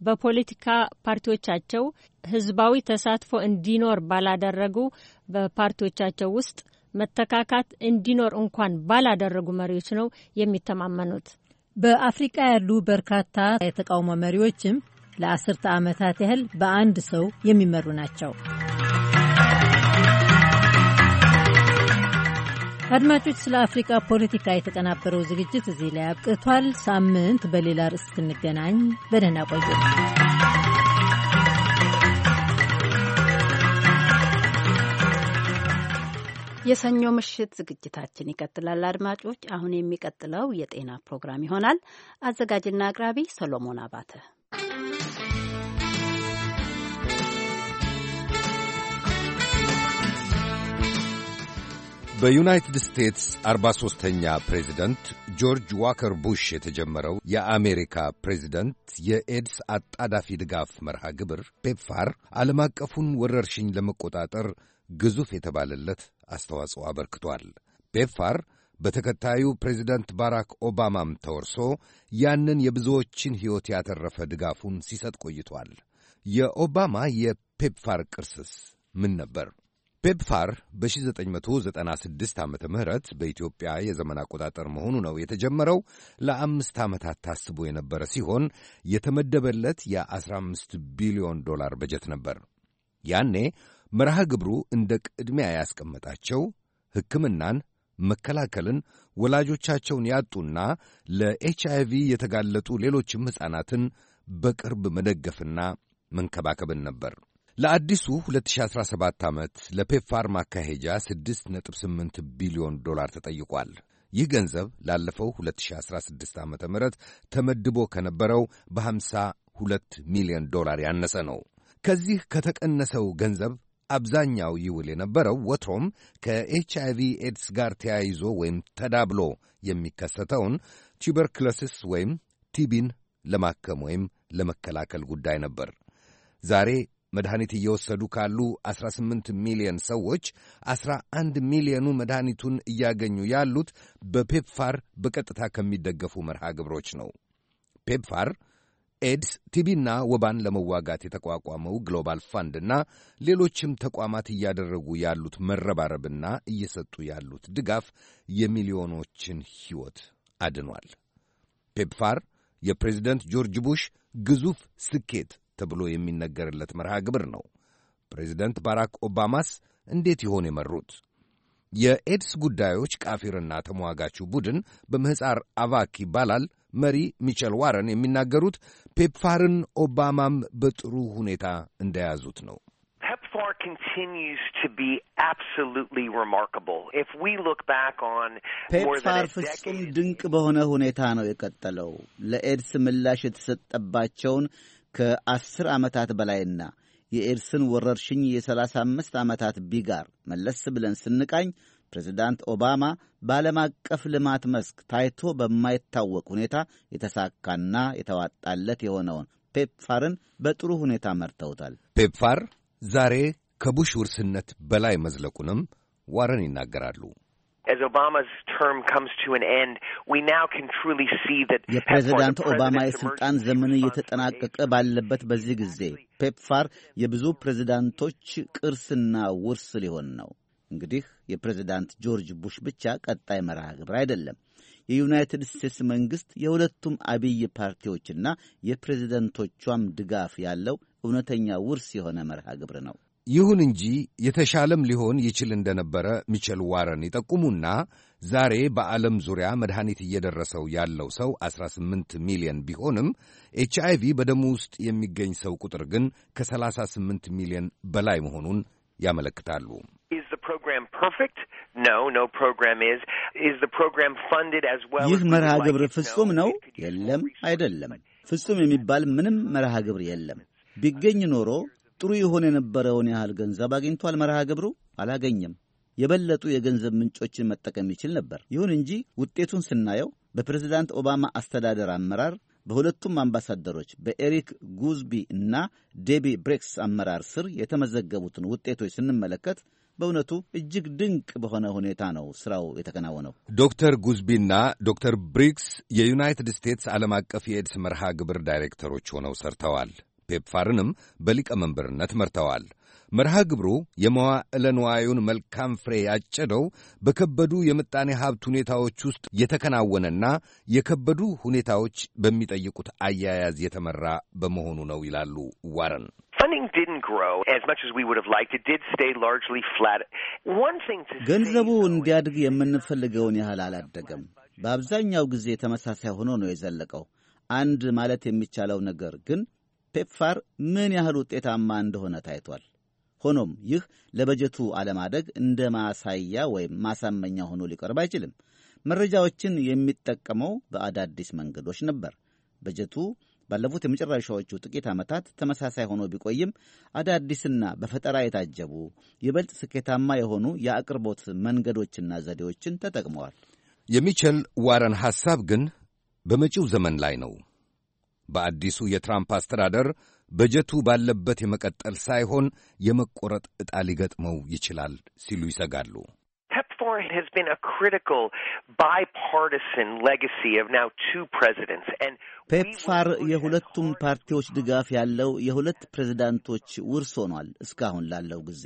በፖለቲካ ፓርቲዎቻቸው ህዝባዊ ተሳትፎ እንዲኖር ባላደረጉ በፓርቲዎቻቸው ውስጥ መተካካት እንዲኖር እንኳን ባላደረጉ መሪዎች ነው የሚተማመኑት። በአፍሪቃ ያሉ በርካታ የተቃውሞ መሪዎችም ለአስርተ ዓመታት ያህል በአንድ ሰው የሚመሩ ናቸው። አድማጮች፣ ስለ አፍሪቃ ፖለቲካ የተቀናበረው ዝግጅት እዚህ ላይ አብቅቷል። ሳምንት በሌላ ርዕስ እስክንገናኝ በደህና ቆዩ። የሰኞ ምሽት ዝግጅታችን ይቀጥላል። አድማጮች፣ አሁን የሚቀጥለው የጤና ፕሮግራም ይሆናል። አዘጋጅና አቅራቢ ሰሎሞን አባተ በዩናይትድ ስቴትስ 43ተኛ ፕሬዚደንት ጆርጅ ዋከር ቡሽ የተጀመረው የአሜሪካ ፕሬዚደንት የኤድስ አጣዳፊ ድጋፍ መርሃ ግብር ፔፕፋር ዓለም አቀፉን ወረርሽኝ ለመቆጣጠር ግዙፍ የተባለለት አስተዋጽኦ አበርክቷል። ፔፕፋር በተከታዩ ፕሬዚደንት ባራክ ኦባማም ተወርሶ ያንን የብዙዎችን ሕይወት ያተረፈ ድጋፉን ሲሰጥ ቆይቷል። የኦባማ የፔፕፋር ቅርስስ ምን ነበር? ፔፕፋር በ1996 ዓ ም በኢትዮጵያ የዘመን አቆጣጠር መሆኑ ነው የተጀመረው። ለአምስት ዓመታት ታስቦ የነበረ ሲሆን የተመደበለት የ15 ቢሊዮን ዶላር በጀት ነበር። ያኔ መርሃ ግብሩ እንደ ቅድሚያ ያስቀመጣቸው ሕክምናን፣ መከላከልን፣ ወላጆቻቸውን ያጡና ለኤች አይ ቪ የተጋለጡ ሌሎችም ሕፃናትን በቅርብ መደገፍና መንከባከብን ነበር። ለአዲሱ 2017 ዓመት ለፔፋር ማካሄጃ 6.8 ቢሊዮን ዶላር ተጠይቋል። ይህ ገንዘብ ላለፈው 2016 ዓ ም ተመድቦ ከነበረው በ52 ሚሊዮን ዶላር ያነሰ ነው። ከዚህ ከተቀነሰው ገንዘብ አብዛኛው ይውል የነበረው ወትሮም ከኤች አይቪ ኤድስ ጋር ተያይዞ ወይም ተዳብሎ የሚከሰተውን ቱበርክሎሲስ ወይም ቲቢን ለማከም ወይም ለመከላከል ጉዳይ ነበር። ዛሬ መድኃኒት እየወሰዱ ካሉ 18 ሚሊዮን ሰዎች 11 ሚሊዮኑ መድኃኒቱን እያገኙ ያሉት በፔፕፋር በቀጥታ ከሚደገፉ መርሃ ግብሮች ነው። ፔፕፋር ኤድስ፣ ቲቢና ወባን ለመዋጋት የተቋቋመው ግሎባል ፋንድ እና ሌሎችም ተቋማት እያደረጉ ያሉት መረባረብና እየሰጡ ያሉት ድጋፍ የሚሊዮኖችን ሕይወት አድኗል። ፔፕፋር የፕሬዚደንት ጆርጅ ቡሽ ግዙፍ ስኬት ተብሎ የሚነገርለት መርሃ ግብር ነው። ፕሬዚደንት ባራክ ኦባማስ እንዴት ይሆን የመሩት? የኤድስ ጉዳዮች ቃፊርና ተሟጋቹ ቡድን በምሕፃር አቫክ ይባላል መሪ ሚቸል ዋረን የሚናገሩት ፔፕፋርን ኦባማም በጥሩ ሁኔታ እንደያዙት ነው። PEPFAR continues to be absolutely ፔፕፋር ፍጹም ድንቅ በሆነ ሁኔታ ነው የቀጠለው። ለኤድስ ምላሽ የተሰጠባቸውን ከአስር ዓመታት በላይና የኤድስን ወረርሽኝ የሰላሳ አምስት ዓመታት ቢጋር መለስ ብለን ስንቃኝ ፕሬዚዳንት ኦባማ በዓለም አቀፍ ልማት መስክ ታይቶ በማይታወቅ ሁኔታ የተሳካና የተዋጣለት የሆነውን ፔፕፋርን በጥሩ ሁኔታ መርተውታል። ፔፕፋር ዛሬ ከቡሽ ውርስነት በላይ መዝለቁንም ዋረን ይናገራሉ። as Obama's term comes to an end, we now can truly see that የፕሬዚዳንት ኦባማ የስልጣን ዘመን እየተጠናቀቀ ባለበት በዚህ ጊዜ ፔፕፋር የብዙ ፕሬዚዳንቶች ቅርስና ውርስ ሊሆን ነው። እንግዲህ የፕሬዚዳንት ጆርጅ ቡሽ ብቻ ቀጣይ መርሃ ግብር አይደለም። የዩናይትድ ስቴትስ መንግሥት የሁለቱም አብይ ፓርቲዎችና የፕሬዚዳንቶቿም ድጋፍ ያለው እውነተኛ ውርስ የሆነ መርሃ ግብር ነው። ይሁን እንጂ የተሻለም ሊሆን ይችል እንደነበረ ሚቸል ዋረን ይጠቁሙና ዛሬ በዓለም ዙሪያ መድኃኒት እየደረሰው ያለው ሰው 18 ሚሊዮን ቢሆንም ኤች አይቪ በደሙ ውስጥ የሚገኝ ሰው ቁጥር ግን ከ38 ሚሊዮን በላይ መሆኑን ያመለክታሉ። ይህ መርሃ ግብር ፍጹም ነው? የለም፣ አይደለም። ፍጹም የሚባል ምንም መርሃ ግብር የለም። ቢገኝ ኖሮ ጥሩ ይሆን የነበረውን ያህል ገንዘብ አግኝቷል? መርሃ ግብሩ አላገኘም። የበለጡ የገንዘብ ምንጮችን መጠቀም ይችል ነበር። ይሁን እንጂ ውጤቱን ስናየው በፕሬዝዳንት ኦባማ አስተዳደር አመራር በሁለቱም አምባሳደሮች በኤሪክ ጉዝቢ እና ዴቢ ብሬክስ አመራር ስር የተመዘገቡትን ውጤቶች ስንመለከት በእውነቱ እጅግ ድንቅ በሆነ ሁኔታ ነው ስራው የተከናወነው። ዶክተር ጉዝቢና ዶክተር ብሪክስ የዩናይትድ ስቴትስ ዓለም አቀፍ የኤድስ መርሃ ግብር ዳይሬክተሮች ሆነው ሰርተዋል። ፔፕፋርንም በሊቀመንበርነት መርተዋል። መርሃ ግብሩ የመዋዕለ ንዋዩን መልካም ፍሬ ያጨደው በከበዱ የምጣኔ ሀብት ሁኔታዎች ውስጥ የተከናወነና የከበዱ ሁኔታዎች በሚጠይቁት አያያዝ የተመራ በመሆኑ ነው ይላሉ ዋረን። ገንዘቡ እንዲያድግ የምንፈልገውን ያህል አላደገም። በአብዛኛው ጊዜ ተመሳሳይ ሆኖ ነው የዘለቀው። አንድ ማለት የሚቻለው ነገር ግን ፔፕፋር ምን ያህል ውጤታማ እንደሆነ ታይቷል። ሆኖም ይህ ለበጀቱ አለማደግ እንደ ማሳያ ወይም ማሳመኛ ሆኖ ሊቀርብ አይችልም። መረጃዎችን የሚጠቀመው በአዳዲስ መንገዶች ነበር። በጀቱ ባለፉት የመጨረሻዎቹ ጥቂት ዓመታት ተመሳሳይ ሆኖ ቢቆይም አዳዲስና በፈጠራ የታጀቡ ይበልጥ ስኬታማ የሆኑ የአቅርቦት መንገዶችና ዘዴዎችን ተጠቅመዋል። የሚቸል ዋረን ሐሳብ ግን በመጪው ዘመን ላይ ነው። በአዲሱ የትራምፕ አስተዳደር በጀቱ ባለበት የመቀጠል ሳይሆን የመቆረጥ ዕጣ ሊገጥመው ይችላል ሲሉ ይሰጋሉ። has been a critical bipartisan legacy of now two presidents and ፔፕፋር የሁለቱም ፓርቲዎች ድጋፍ ያለው የሁለት ፕሬዝዳንቶች ውርስ ሆኗል። እስካሁን ላለው ጊዜ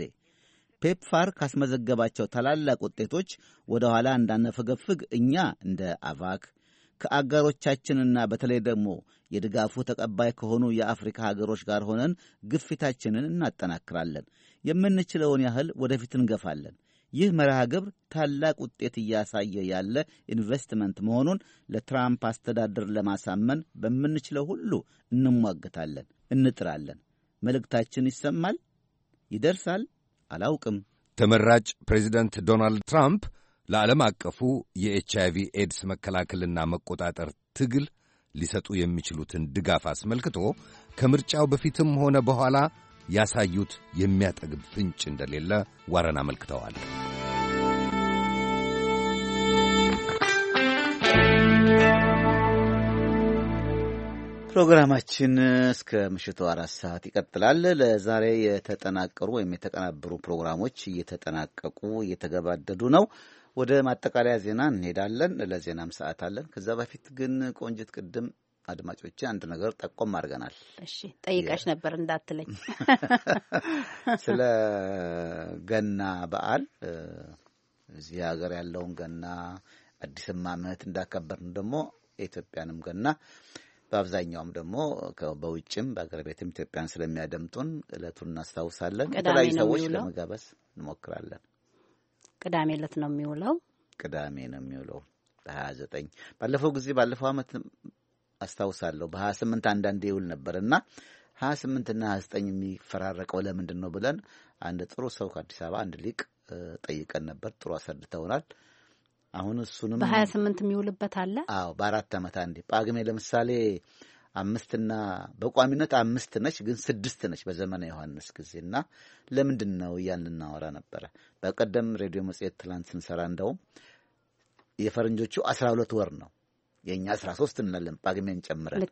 ፔፕፋር ካስመዘገባቸው ታላላቅ ውጤቶች ወደ ኋላ እንዳነፈገፍግ እኛ እንደ አቫክ ከአጋሮቻችንና በተለይ ደግሞ የድጋፉ ተቀባይ ከሆኑ የአፍሪካ ሀገሮች ጋር ሆነን ግፊታችንን እናጠናክራለን። የምንችለውን ያህል ወደፊት እንገፋለን። ይህ መርሃ ግብር ታላቅ ውጤት እያሳየ ያለ ኢንቨስትመንት መሆኑን ለትራምፕ አስተዳደር ለማሳመን በምንችለው ሁሉ እንሟገታለን፣ እንጥራለን። መልእክታችን ይሰማል፣ ይደርሳል፣ አላውቅም። ተመራጭ ፕሬዚደንት ዶናልድ ትራምፕ ለዓለም አቀፉ የኤች አይቪ ኤድስ መከላከልና መቆጣጠር ትግል ሊሰጡ የሚችሉትን ድጋፍ አስመልክቶ ከምርጫው በፊትም ሆነ በኋላ ያሳዩት የሚያጠግብ ፍንጭ እንደሌለ ዋረን አመልክተዋል። ፕሮግራማችን እስከ ምሽቱ አራት ሰዓት ይቀጥላል። ለዛሬ የተጠናቀሩ ወይም የተቀናበሩ ፕሮግራሞች እየተጠናቀቁ እየተገባደዱ ነው። ወደ ማጠቃለያ ዜና እንሄዳለን። ለዜናም ሰዓት አለን። ከዛ በፊት ግን ቆንጅት ቅድም አድማጮች አንድ ነገር ጠቆም አድርገናል። እሺ ጠይቃሽ ነበር እንዳትለኝ። ስለ ገና በዓል እዚህ ሀገር ያለውን ገና አዲስም ዓመት እንዳከበርን ደግሞ የኢትዮጵያንም ገና በአብዛኛውም ደግሞ በውጭም በአገር ቤትም ኢትዮጵያን ስለሚያደምጡን እለቱን እናስታውሳለን። የተለያዩ ሰዎች ለመጋበዝ እንሞክራለን። ቅዳሜ ዕለት ነው የሚውለው። ቅዳሜ ነው የሚውለው በሀያ ዘጠኝ ባለፈው ጊዜ ባለፈው ዓመት አስታውሳለሁ በሀያ ስምንት አንዳንድ ይውል ነበር እና ሀያ ስምንትና ሀያ ዘጠኝ የሚፈራረቀው ለምንድን ነው ብለን አንድ ጥሩ ሰው ከአዲስ አበባ አንድ ሊቅ ጠይቀን ነበር። ጥሩ አስረድተውናል። አሁን እሱንም በሀያ ስምንት የሚውልበት አለ። አዎ በአራት ዓመት አንዴ ጳግሜ ለምሳሌ አምስትና በቋሚነት አምስት ነች፣ ግን ስድስት ነች በዘመነ ዮሐንስ እና ለምንድን ነው እያን እናወራ ነበረ። በቀደም ሬዲዮ መጽሔት ትላንት ስንሰራ እንደውም የፈረንጆቹ አስራ ሁለት ወር ነው የእኛ አስራ ሶስት እንላለን ጳግሜን ጨምረን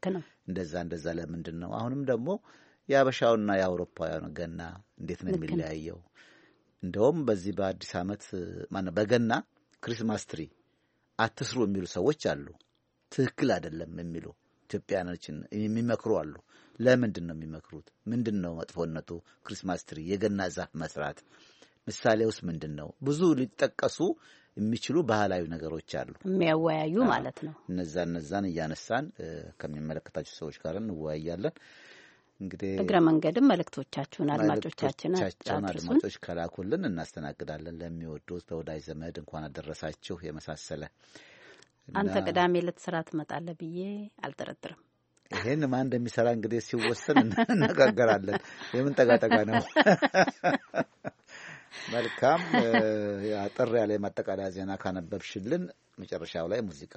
እንደዛ እንደዛ ለምንድን ነው አሁንም ደግሞ የአበሻውና የአውሮፓውያኑ ገና እንዴት ነው የሚለያየው? እንደውም በዚህ በአዲስ ዓመት ማነው በገና ክሪስማስ ትሪ አትስሩ የሚሉ ሰዎች አሉ። ትክክል አይደለም የሚሉ ኢትዮጵያኖችን የሚመክሩ አሉ። ለምንድን ነው የሚመክሩት? ምንድን ነው መጥፎነቱ? ክሪስማስ ትሪ፣ የገና ዛፍ መስራት ምሳሌ ውስጥ ምንድን ነው? ብዙ ሊጠቀሱ የሚችሉ ባህላዊ ነገሮች አሉ፣ የሚያወያዩ ማለት ነው። እነዛን እነዛን እያነሳን ከሚመለከታቸው ሰዎች ጋር እንወያያለን። እንግዲህ እግረ መንገድም መልእክቶቻችሁን አድማጮቻችን አድማጮች ከላኩልን እናስተናግዳለን። ለሚወዱት ለወዳጅ ዘመድ እንኳን አደረሳችሁ የመሳሰለ አንተ ቅዳሜ ዕለት ስራ ትመጣለህ ብዬ አልጠረጥርም። ይህን ማን እንደሚሰራ እንግዲህ ሲወሰን እንነጋገራለን። የምን ጠጋጠጋ ነው? መልካም አጠር ያለ የማጠቃለያ ዜና ካነበብሽልን መጨረሻው ላይ ሙዚቃ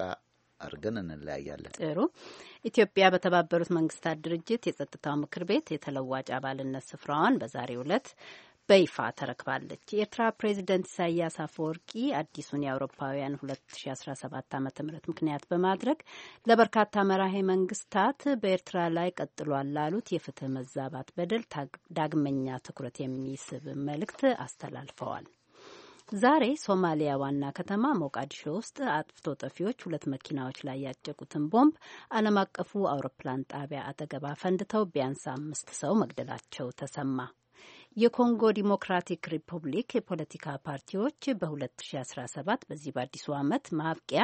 አድርገን እንለያያለን። ጥሩ። ኢትዮጵያ በተባበሩት መንግስታት ድርጅት የጸጥታው ምክር ቤት የተለዋጭ አባልነት ስፍራዋን በዛሬው ዕለት በይፋ ተረክባለች። የኤርትራ ፕሬዚደንት ኢሳያስ አፈወርቂ አዲሱን የአውሮፓውያን 2017 ዓ ም ምክንያት በማድረግ ለበርካታ መራሄ መንግስታት በኤርትራ ላይ ቀጥሏል ላሉት የፍትህ መዛባት በደል ዳግመኛ ትኩረት የሚስብ መልእክት አስተላልፈዋል። ዛሬ ሶማሊያ ዋና ከተማ ሞቃዲሾ ውስጥ አጥፍቶ ጠፊዎች ሁለት መኪናዎች ላይ ያጨቁትን ቦምብ ዓለም አቀፉ አውሮፕላን ጣቢያ አጠገብ አፈንድተው ቢያንስ አምስት ሰው መግደላቸው ተሰማ። የኮንጎ ዲሞክራቲክ ሪፑብሊክ የፖለቲካ ፓርቲዎች በ2017 በዚህ በአዲሱ ዓመት ማብቂያ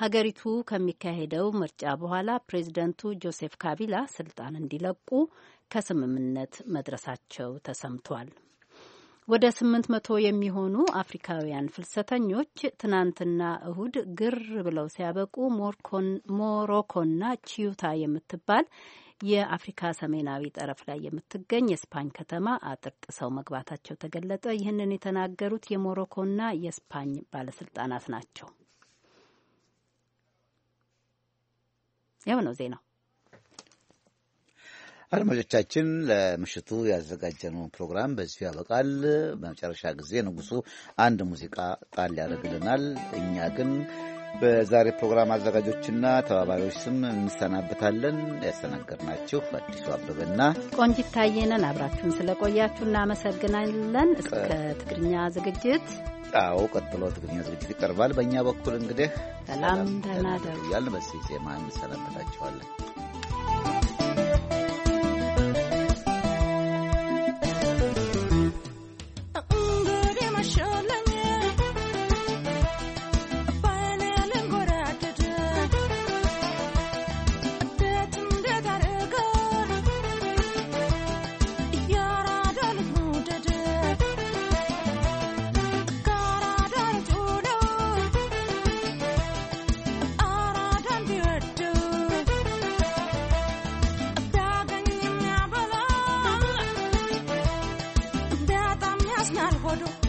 ሀገሪቱ ከሚካሄደው ምርጫ በኋላ ፕሬዚደንቱ ጆሴፍ ካቢላ ስልጣን እንዲለቁ ከስምምነት መድረሳቸው ተሰምቷል። ወደ ስምንት መቶ የሚሆኑ አፍሪካውያን ፍልሰተኞች ትናንትና እሁድ ግር ብለው ሲያበቁ ሞሮኮና ቺዩታ የምትባል የአፍሪካ ሰሜናዊ ጠረፍ ላይ የምትገኝ የስፓኝ ከተማ አጥቅሰው መግባታቸው ተገለጠ። ይህንን የተናገሩት የሞሮኮና የስፓኝ ባለስልጣናት ናቸው። ያው ነው ዜናው። አድማጮቻችን ለምሽቱ ያዘጋጀነው ፕሮግራም በዚሁ ያበቃል። በመጨረሻ ጊዜ ንጉሱ አንድ ሙዚቃ ጣል ያደርግልናል። እኛ ግን በዛሬ ፕሮግራም አዘጋጆችና ተባባሪዎች ስም እንሰናበታለን። ያስተናገድናችሁ አዲሱ አበበና ቆንጂት ታየነን። አብራችሁን ስለቆያችሁ እናመሰግናለን። እስከ ትግርኛ ዝግጅት አዎ፣ ቀጥሎ ትግርኛ ዝግጅት ይቀርባል። በእኛ በኩል እንግዲህ ሰላም ተናደሩ እያልን በዚህ ዜማ እንሰናበታችኋለን። Lord.